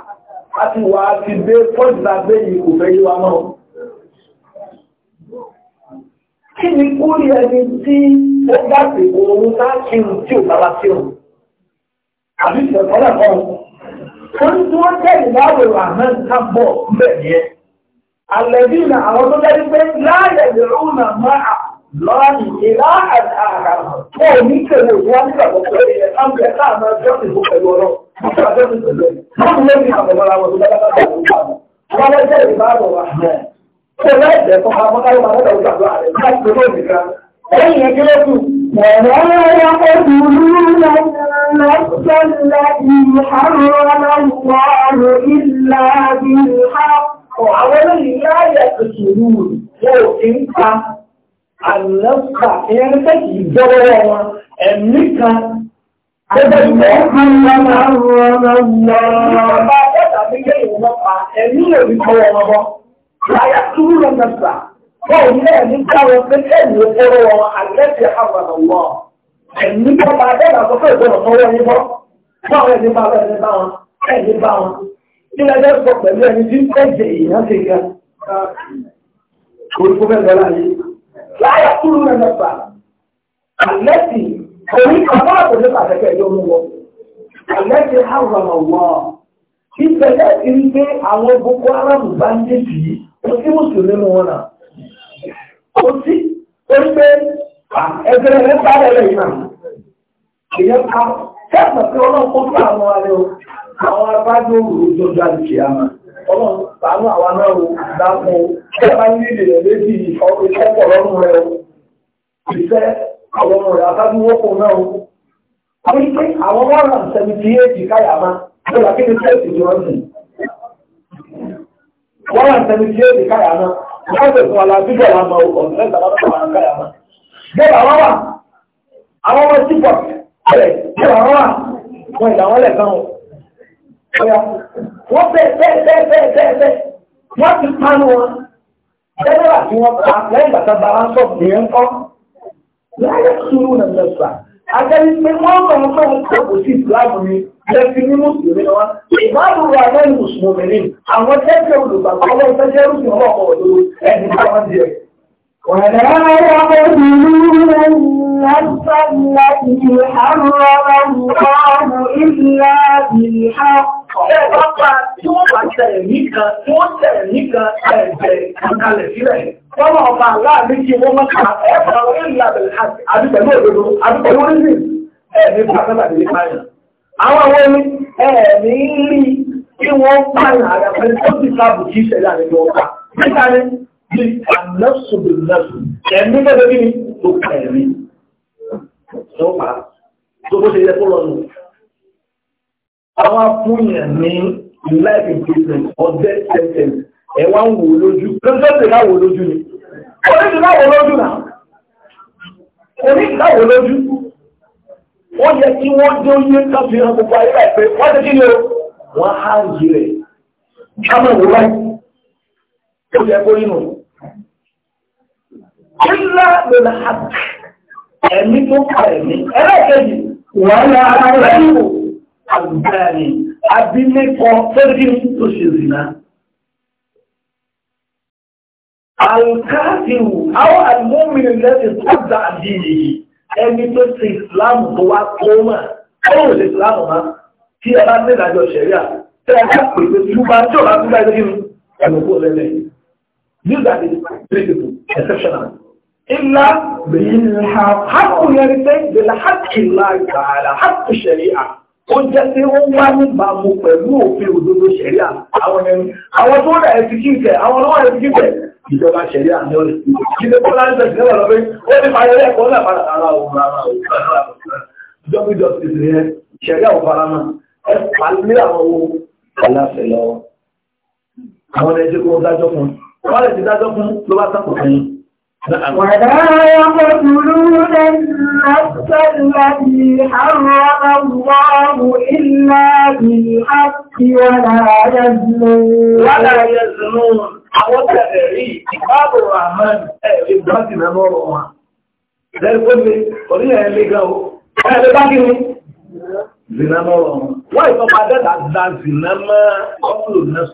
a ti wà á ti dé pọ́ìtà gbé yìí kò fẹ́ yíwa náà kí ni kú rí ẹni tí ó dáàbì oorun láàkiri tí ò bára sí òun àbí ìṣẹ̀kọ́lẹ̀ kan wọ́n tí wọ́n tẹ̀lé láwẹ̀ àmọ́ nǹkan bọ̀ ńbẹ̀ yẹn àlẹ́bí na àwọn tó dájú pé láàyè ìrún nà máa lọ́ọ̀nì ìlà àkàrà tó ní kèrè wọn nígbà tó pẹ̀lú ẹ̀ Wọ́n lé ní àbọ̀mọ́ra wọn tó bá bá bá wọn kọ́. Wọ́n lé jẹ́ ìbáàbọ̀ wà. Ṣé láì jẹ́ fún àwọn ọmọdé wọn lọ́dọ̀ òjò àdúrà rẹ̀ láì tó lóòrùn nìkan. Lẹ́yìn ẹjọ́ lókù. ولا يقتلون النفس التي حرم الله إلا بالحق وعلى لا يقتلون وإنك النفس إنك جواما أمك Gẹ́gẹ́ ẹni bá wọn ẹni bá wọn, ẹni bá sọ pẹ̀lú ẹni tí ó jẹ èèyàn ṣe gan. Olùkọ́ fẹ́ lọ láyé. Láyá túrú lọ nàgbà, Òní kàfá àtòlé pàtàkì ẹ̀yọ́ mú wọn. Àlẹ́tì àrùnà wọ̀. Ìfẹ̀lẹ́ ti ń gbé àwọn Boko Haram bá ń dé bì í. Kò sí Mùsùlùmí nínú wọn náà. Kò sí orí pé ẹgbẹ́ rẹ̀ bá rẹ̀ lẹ́yìn náà. Ìyẹn ká kẹ́sàn-án pé ọlọ́run kó fún àwọn alẹ́ o. Àwọn abájọ́ òru jọjọ àdìsí àmà. Ọlọ́run pàánù àwa náà o dákun. Ṣé ẹ bá ní ìdè àwọn ọmọ rẹ̀ àbájú wọ́pọ̀ náà ó. Àwọn ìpín àwọn one hundred and seventy eight káyà máa ló là kí ni tẹ́sì tí wọ́n sì. one hundred and seventy eight káyà máa wọ́n sì fún aláàbí bẹ̀rẹ̀ àmọ́ ọ̀sẹ̀ mẹ́ta lọ́dọ̀ àwọn káyà máa. Bẹ́ẹ̀ àwọn wà àwọn ọmọ tí pọ̀ rẹ̀ bẹ́ẹ̀ àwọn wà wọn ìdáwọn lẹ̀ kan wọ́n bẹ́ẹ̀ bẹ́ẹ̀ bẹ́ẹ̀ bẹ́ẹ̀ bẹ́ẹ̀ wọ́n ti panu wọn. Jẹ́nẹ́rà tí wọ́n pa lẹ́yìn bàtà bàrà sọ̀rọ̀ nìyẹn kọ́ láyé sùúrù nà mẹ́fà àtẹ́rí pé wọ́n mọ̀ ń fẹ́ kọ̀ọ̀kọ̀ sí ìsìláàmù ni lẹ́fi ní mùsùlùmí wa ìbáàbò wa náà ní mùsùlùmí ni àwọn tẹ́tẹ́ olùgbàgbọ́ ọlọ́run fẹ́ jẹ́ rúbì ọmọ ọkọ̀ òdòdó ẹni tí wọ́n di ẹ̀. ولا يقتلون النفس التي Ẹ bá bá tí wọ́n bá tẹ̀ nìkan, tí wọ́n tẹ̀ nìkan ẹ̀jẹ̀ ìkàkalẹ̀ sílẹ̀. Wọ́n máa ọba aláàbí kí wọ́n máa kà ẹ̀ bá orí ìlàbẹ̀lẹ̀ àti àdúgbẹ̀lú òdodo, àdúgbẹ̀lú orísìn. Ẹ ní pàtàkì àti nípa yẹn. Àwọn àwọn ẹni ẹ̀ ní rí kí wọ́n pààyàn àyàfẹ́ tó ti sáàbù kí ìṣẹ̀lẹ̀ àlejò ọba. Níta ni bí ànásùbìnásù ẹ̀mí gẹ́gẹ́ bí ni tó kẹ̀rí. Ṣé ó pa? Tó bó àwọn afúnyàn ní life imprisonment or death sentence ẹ̀ wá ń wò lójú lọ́sọ̀ọ̀sẹ̀ náà wò lójú ni oníṣẹ́ náà wò lójú náà oníṣẹ́ náà wò lójú ó yẹ kí wọ́n dé oyé káfí hàn gbogbo ayé rẹ̀ pé wọ́n ti kí ni o wọ́n á ń yí rẹ̀ kámẹ́ wò láì ó yẹ kó yín nù. Ilá ló na àbí ẹ̀mí tó pa ẹ̀mí ẹlẹ́kẹ̀jì wọ́n yà á rẹ̀ àgbàrí abílẹ́kọ fẹ́gìn tó ṣe zìnà alkafiru àwọn almọ́mìnì lẹ́sẹ̀ tọ́jà àdìyí ẹni tó ti ìsìláàmù tó wá tó mà ó lè ìsìláàmù má kí ẹ bá ní ìdájọ́ ṣẹ̀ríà tẹ́ ẹ bá pè pé túbá tí ò bá túbá ẹ ó jẹ́ pé ó wá níbàámu pẹ̀lú òfin òdodo ṣẹ̀ríà àwọn ẹni àwọn tó rẹ̀ ẹ̀fí kíkẹ̀ àwọn ọlọ́wọ́ ẹ̀fí kíkẹ̀ ìjọba ṣẹ̀ríà ní ọ̀rẹ́ ìdílé kọ́lá ń tẹ̀sí lọ́wọ́ pé ó ní fàyẹ̀lẹ́ ẹ̀kọ́ náà fara ara òun ara òun ara ìjọba justice yẹn ṣẹ̀ríà ò fara mọ́ ẹ fà lé àwọn owó aláfẹ́ lọ́wọ́ àwọn ẹni tí kò dájọ́ fún wọ́n lè ti dájọ́ fún ló bá sàkóso yín ولا يقتلون النفس التي حرم الله إلا بالحق ولا يزنون ولا يزنون àwọn tẹ̀rí ìbáàbò rahman ẹ̀rí bọ́ọ̀tì náà lọ́rọ̀ wọn lẹ́gbẹ́gbẹ́ orílẹ̀ ẹ̀lẹ́gbẹ́ o ẹ̀lẹ́ bá kí ni mọ́ ọ́pùlù náà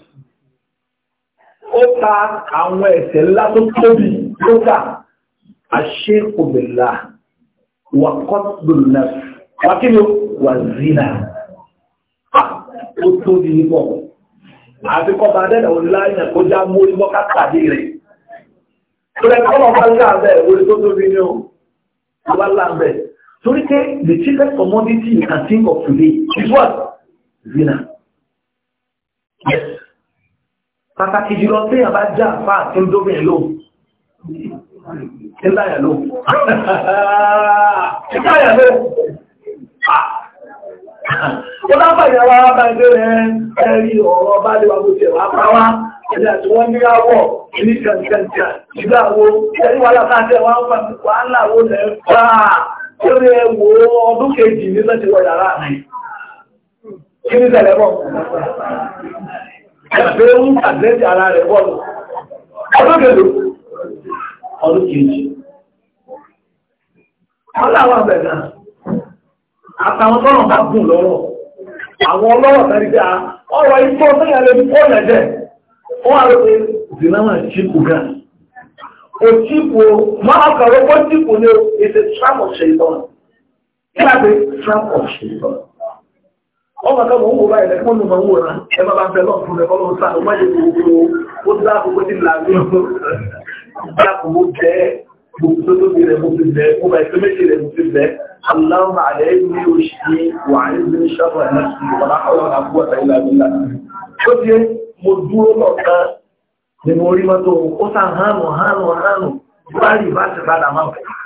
ó ta àwọn ẹ̀ṣẹ̀ ńlá tó tóbi tó kà àṣẹ òmìnira wà kọ́tùnà wà kí ni wà zina ó tóbi nípọ̀ àti kọba adẹ́dà òní kó já mú orí mọ́ká pàdé rẹ̀ torí pé the cheapest commodity you can think of today is what zina yes pàtàkì jùlọ tí àbá já àfá àti ndóbìn lò ìdáyà lò ìdáyà lò ó lápá ìyàwó arábàgbé rẹ̀ ẹ̀rí ọ̀rọ̀ bá lè wà gbogbo ẹ̀wà pàwá ẹ̀dẹ̀ àti wọ́n ní àwọ̀ ní kẹ̀kẹ̀kẹ̀ ìgbàwó ẹ̀rí wà látàtẹ̀ wọ́n wà láwọ́ lẹ́fà tó rẹ̀ wò ọdún kejì nílẹ̀ ti wọ̀ yàrá rẹ̀ kí ní tẹ̀lẹ́mọ̀ ẹgbẹ́ ń tàbí ara rẹ̀ bọ́ọ̀lù ọdún kẹlò ọdún kejì ọláwọ̀ àbẹ̀gà àtàwọn tọ́nà bá gùn lọ́rọ̀ àwọn ọlọ́rọ̀ tàbíkà ọ̀rọ̀ ikọ́ sẹ́yà lè pọ́ lẹ́jẹ̀ ó wà lópe zinama chipu gan o chipu máa kọ̀rọ̀ pọ́ chipu ní ètè trap of shaitan kí láti trap of shaitan ọmọ kan mọ̀ ń wòrán ilẹ̀ fún ọmọ wòrán ẹ bá bá ń bẹ̀lọ́ fún ẹ̀kọ́ lọ́wọ́ sáà wọ́n yẹ gbogbo ó dá gbogbo ní làárín dákùn ó jẹ́ gbogbo tó tóbi rẹ̀ mo ti bẹ̀ ó bá ìfẹ́ méjì rẹ̀ mo ti bẹ̀ aláwọ̀ àlẹ́ ní oṣù wà ní bí sábà ní ìwọ̀n àwọn àbúrò àtàlẹ́ àbúlà ó ti mo dúró lọ́ọ̀kan ni mo rí mọ́tò ó sà hánù hánù hánù báyìí bá ti padà máa bẹ̀rẹ̀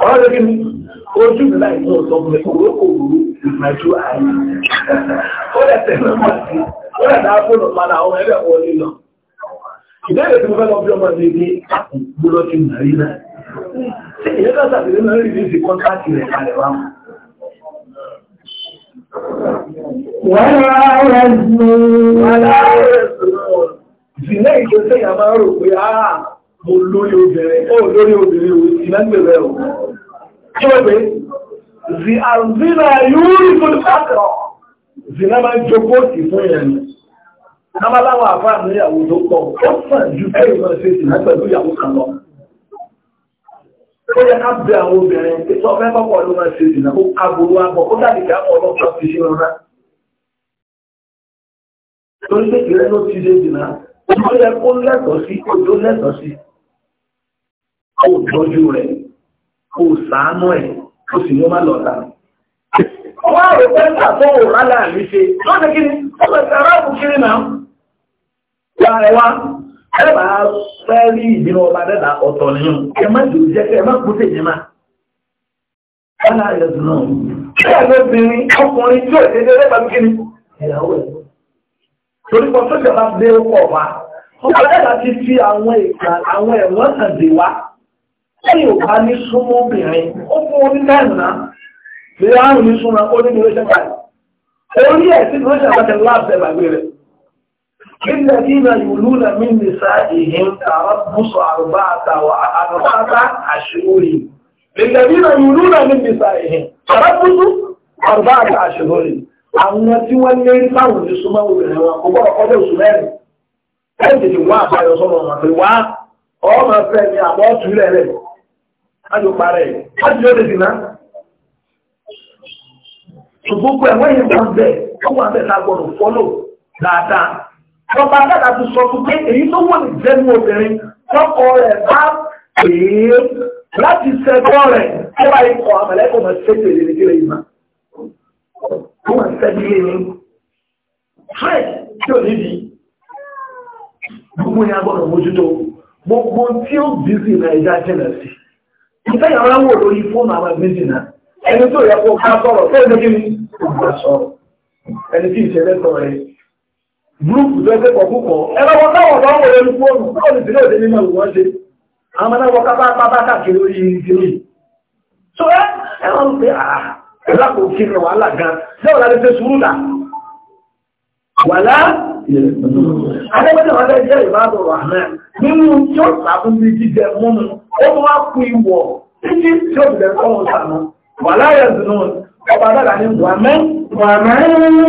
ọ̀rọ̀ lórí mi ojú mi láì mú ọ̀tọ́ mi kò kò wúrú ìgbàjú sí ó lẹ̀ dáa fún ọmọ lọ ìbéèrè rẹ̀ kalẹ̀ wá mọ́. rẹ̀ sùn. Wàlá rẹ̀ mo lórí obìnrin ó lórí obìnrin ò sí lẹ́gbẹ̀rẹ̀ ò kí wọ́n pé zi àzínà yóò rí fún ìfàkọ̀ zìnà máa jókòó sí fún ìyẹn lábáláwọ̀ àfáà ní ìyàwó tó pọ̀ ó sàn ju kẹ́yìn máa ṣe sì lápẹ̀lú ìyàwó kan lọ ó yẹ ká bẹ àwọn obìnrin tí wọ́n fẹ́ kọ́kọ́ ló máa ṣe ìdìnnà kó agbóró agbọ̀ kó dàbí kí àwọn ọlọ́pàá fi ṣe rọra torí pé ìrẹ́lú ti ṣe ìdìnnà ó yẹ kó lẹ́tọ̀ọ́ sí ojú lẹ́tọ̀ọ́ sí kó tọ́jú rẹ̀ kó sàánú ẹ̀ kó sì ní ó má lọ́ta. Wọ́n rò pé nígbà tó wò rálá mi ṣe, wọ́n ní kíni, ó lọ sí aráàbù kiri náà. Wà ẹ wá, ẹ bá fẹ́ rí ìdínà ọba dẹ́dà ọ̀tọ̀ nìyàn, ẹ má jù jẹ́ kẹ́ ẹ má kú tèmi má. Wọ́n náà yẹ dùn náà. Bẹ́ẹ̀ lóbìnrin ọkùnrin tí ò dédé rẹ̀ pàmí kíni, ìyàwó ẹ̀. Torí pọ̀ tó jọba dé ó pọ̀ wá. Ọba dẹ́dà ti fi àwọn ìkà àwọn lẹ́yìn ò bá ní súnmọ́ obìnrin ó fún orí mẹ́rìnlá lè àrùn ní súnmọ́ ó ní oṣù báyìí orí ẹ̀ sí lọ́ṣẹ̀ rẹ̀ nà mí ní sá ìhìn àrùbá àtàwà àṣìwòrì nà mí ní sá ìhìn àṣìwòrì àwọn tí wọ́n ní súnmọ́ obìnrin wọn kò mẹ́rin ẹ̀ tètè wá àbáyọ sọ́nà ọ̀nà pé wá láti ó parẹ́ láti ó lè dìná ṣùgbogbo ẹ̀wọ́n yìí wọ́n bẹ̀ wọ́n wà bẹ̀ lágbọ̀dọ̀ fọ́lò dáadáa lọ́ba dáadáa ti sọ fún pé èyí tó wọ́n jẹ́nu obìnrin lọ́kọ rẹ̀ bá pè é láti ṣẹgbọ́ rẹ̀ tó bá ikọ̀ àmọ̀lẹ́kọ̀ mọ̀ ṣe tèlè nígbèrè ìmọ̀ tó wọ́n ṣẹ́bi lé ní fred tí ò níbi gbogbo yẹn agbọ́dọ̀ mójútó gbogbo tí ó bìí sí nàìjíríà jẹ́ ìfẹ́ yàrá wò lórí fóònù àwọn méjì náà ẹni tó yẹ kó ká sọ̀rọ̀ fẹ́ẹ́ méjì ní ìgbà sọ̀rọ̀ ẹni tí gúrúùpù tó ẹgbẹ́ pọ̀ púpọ̀ wọn wò lórí fóònù nínú ìwọ́n ṣe àwọn náà wọ́n kápá káàkiri orí ìdílé ẹ ẹ pe ah, kò kí ni wàhálà gan láti ṣe sùúrù adébẹ́tẹ̀ wọn fẹ́ jẹ́ ó mú wá kú ìwọ̀ títí tí ó bẹ̀rẹ̀ fọ́nà sànà wà láyẹ̀ zùnú ọba dára ní wàmẹ́ wàmẹ́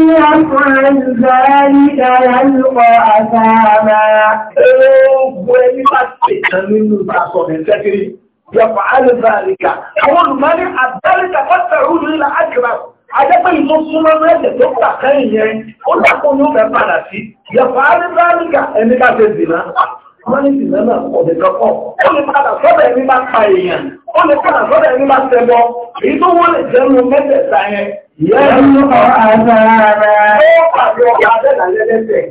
ní àkùnrin zàárí dára lùkọ àtàrà ogun ẹni bá tẹ̀tẹ̀ nínú ìtàkọ̀ ẹ̀fẹ́kiri yọpa alìbáríkà àwọn olùmọ́lé àbáríkà pàtàkì nílà àjẹbà ajẹ́pẹ́ ìmọ̀ súnmọ́ mẹ́jẹ̀ tó gbà kẹ́yìn yẹn ó dàpọ̀ ní ó bẹ̀ padà sí yọpa alìbáríkà ẹni ká fẹ́ zìnà wọ́n ní ìsìn náà ọ̀dẹ̀ kankan ó lè padà sọ́dọ̀ ẹni bá pa èèyàn ó lè padà sọ́dọ̀ ẹni bá tẹ̀bọ èyí tó wọ́n lè jẹ́nu mẹ́tẹ̀ẹ̀ta yẹn. yẹ́nu ọ̀hánsára. ó pàdé ọba adẹ́dà lẹ́lẹ́sẹ̀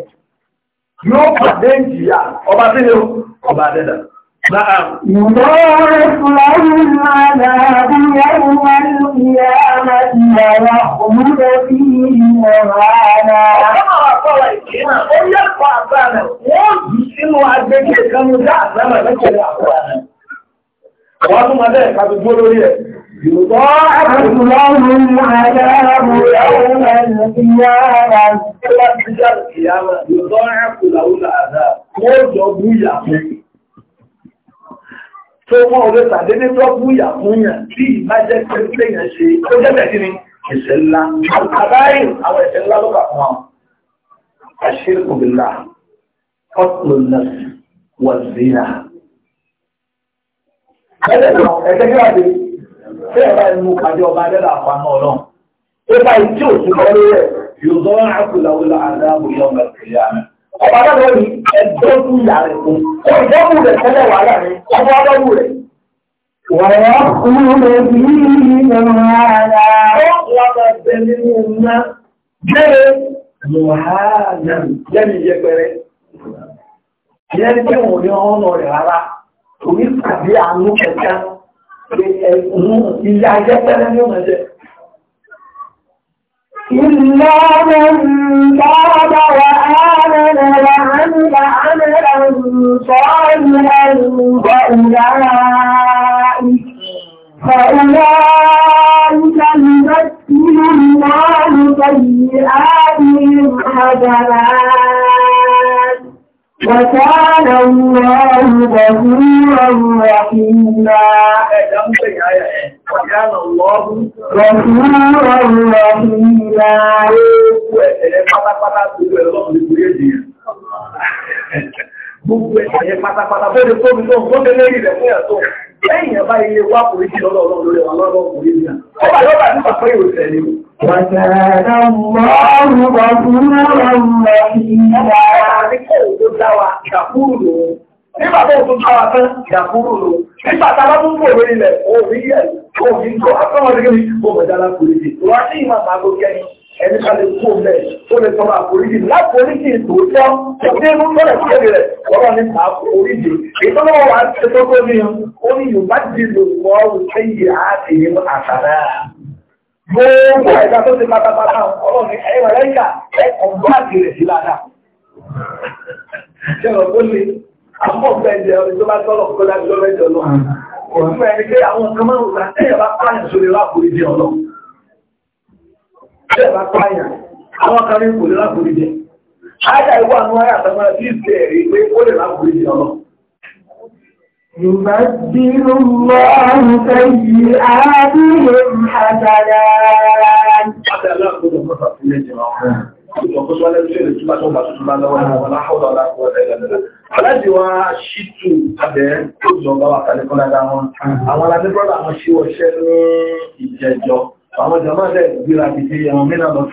yóò pàdé ìjìyà ọba sílẹ̀ ọba adẹ́dà. يضاعف له العذاب Wọ́n jọ bú ìyàfún tó wọ́n orí tàdédé tó kú ìyà fún yàn tí ìbá jẹ́ pé ilé yẹn ṣe ó jẹ́ bẹ̀ẹ́ kíni ẹ̀ṣẹ̀ ńlá àbáyé àwọn ẹ̀ṣẹ̀ ńlá ló kà fún wọn. àṣírkù bìlà ọ̀tún nọ́ọ̀sì wà zina. ẹ̀ṣẹ̀ náà ẹ̀ṣẹ̀ kí wàá di bẹ́ẹ̀ bá inú kájọ ọba adẹ́lá àpamọ́ ọlọ́run ó bá ìtí òsì kọ́ lórí rẹ̀ yóò zọ́ ọba náà ní ẹ̀dọ́gbù ìyá rẹ̀ fún ọ ìdọ́gbù rẹ̀ tẹ́lẹ̀ wà láàrin ọmọ ọdọ́gbù rẹ̀. Wọ̀rọ̀ kúrò bí ìmọ̀lára. Ó lọ́dọ̀ bẹ nínú iná. Bẹ́ẹ̀ Mùhánà lẹ́nu yẹpẹrẹ. Ìyẹn tí wọ́n ní ọ̀nà rẹ̀ rárá. Orí tàbí àánú kẹta. Ìyá yẹpẹrẹ ní ọ̀nà jẹ́. إلا من تاب وآمن وعمل عملا صالحا فأولئك فأولئك يمثل الله سيئاتهم حسنات وكان الله غفورا رحيما وكان الله غفورا رحيما Gbogbo ẹ̀ṣẹ̀ pátápátá bẹ́ẹ̀ tó bí tó ń gbọ́dẹ̀ lórí rẹ̀ fún ẹ̀tọ́ lẹ́yìn ẹ̀bá ilé wá kò rí lọ́lọ́ ọlọ́run lórí àwọn ọlọ́run kò rí nà. ó bá lọ́ba nípa pé yóò tẹ̀lé o. Wàtàdà wà fún ọ̀rọ̀ Àríkò tó dá wa ṣàkúrù lò ó. tó tún tán, ṣàkúrù lò ó. Nígbà a bá tún ẹni ká lè kó mẹ́ tó lè sọ máa foríjì láforíjì ìgbòótọ́ tó dé mú lọ́rẹ̀ tó lè rẹ̀ lọ́rọ̀ ní máa foríjì ètò lọ́wọ́ wa ṣe tó tó ní ó ní yorùbá di lò wọ́ òṣèyí àti ìlú àṣàrà. gbogbo ẹ̀dá tó ti pátápátá ọ̀rọ̀ ní ẹ̀yọ̀ ẹ̀yà ọ̀gbọ́n àti rẹ̀ sí ládàá. ṣé ọ̀rọ̀ tó le àmọ́ bẹ́ẹ̀ tó bá tọ́lọ̀ kó dájú lọ́rẹ́ jọ lọ ṣe bá pààyàn àwọn kan ní kò lè lágbórí jẹ ájá ìwọ àwọn ará àtàwọn àti ìṣe ẹ̀rí pé ó lè lágbórí jẹ ọlọ. يبدل الله سيئاتهم حسنات ìjọkó tó lẹ́nu lè túnbà tó bá tuntun bá lọ́wọ́ ní ọ̀nà àwọn ọ̀dọ́ aláwọ̀ ẹ̀lẹ́lẹ́lẹ́. Aláàjì wa ṣìtù abẹ́ tó jọ bá wà kálẹ́kọ́ lára wọn. Àwọn alábẹ́bọ́lá wọn ṣe ọṣẹ́ ní ìjẹjọ àwọn jàmáà lẹ́ gbéra ti ṣe àwọn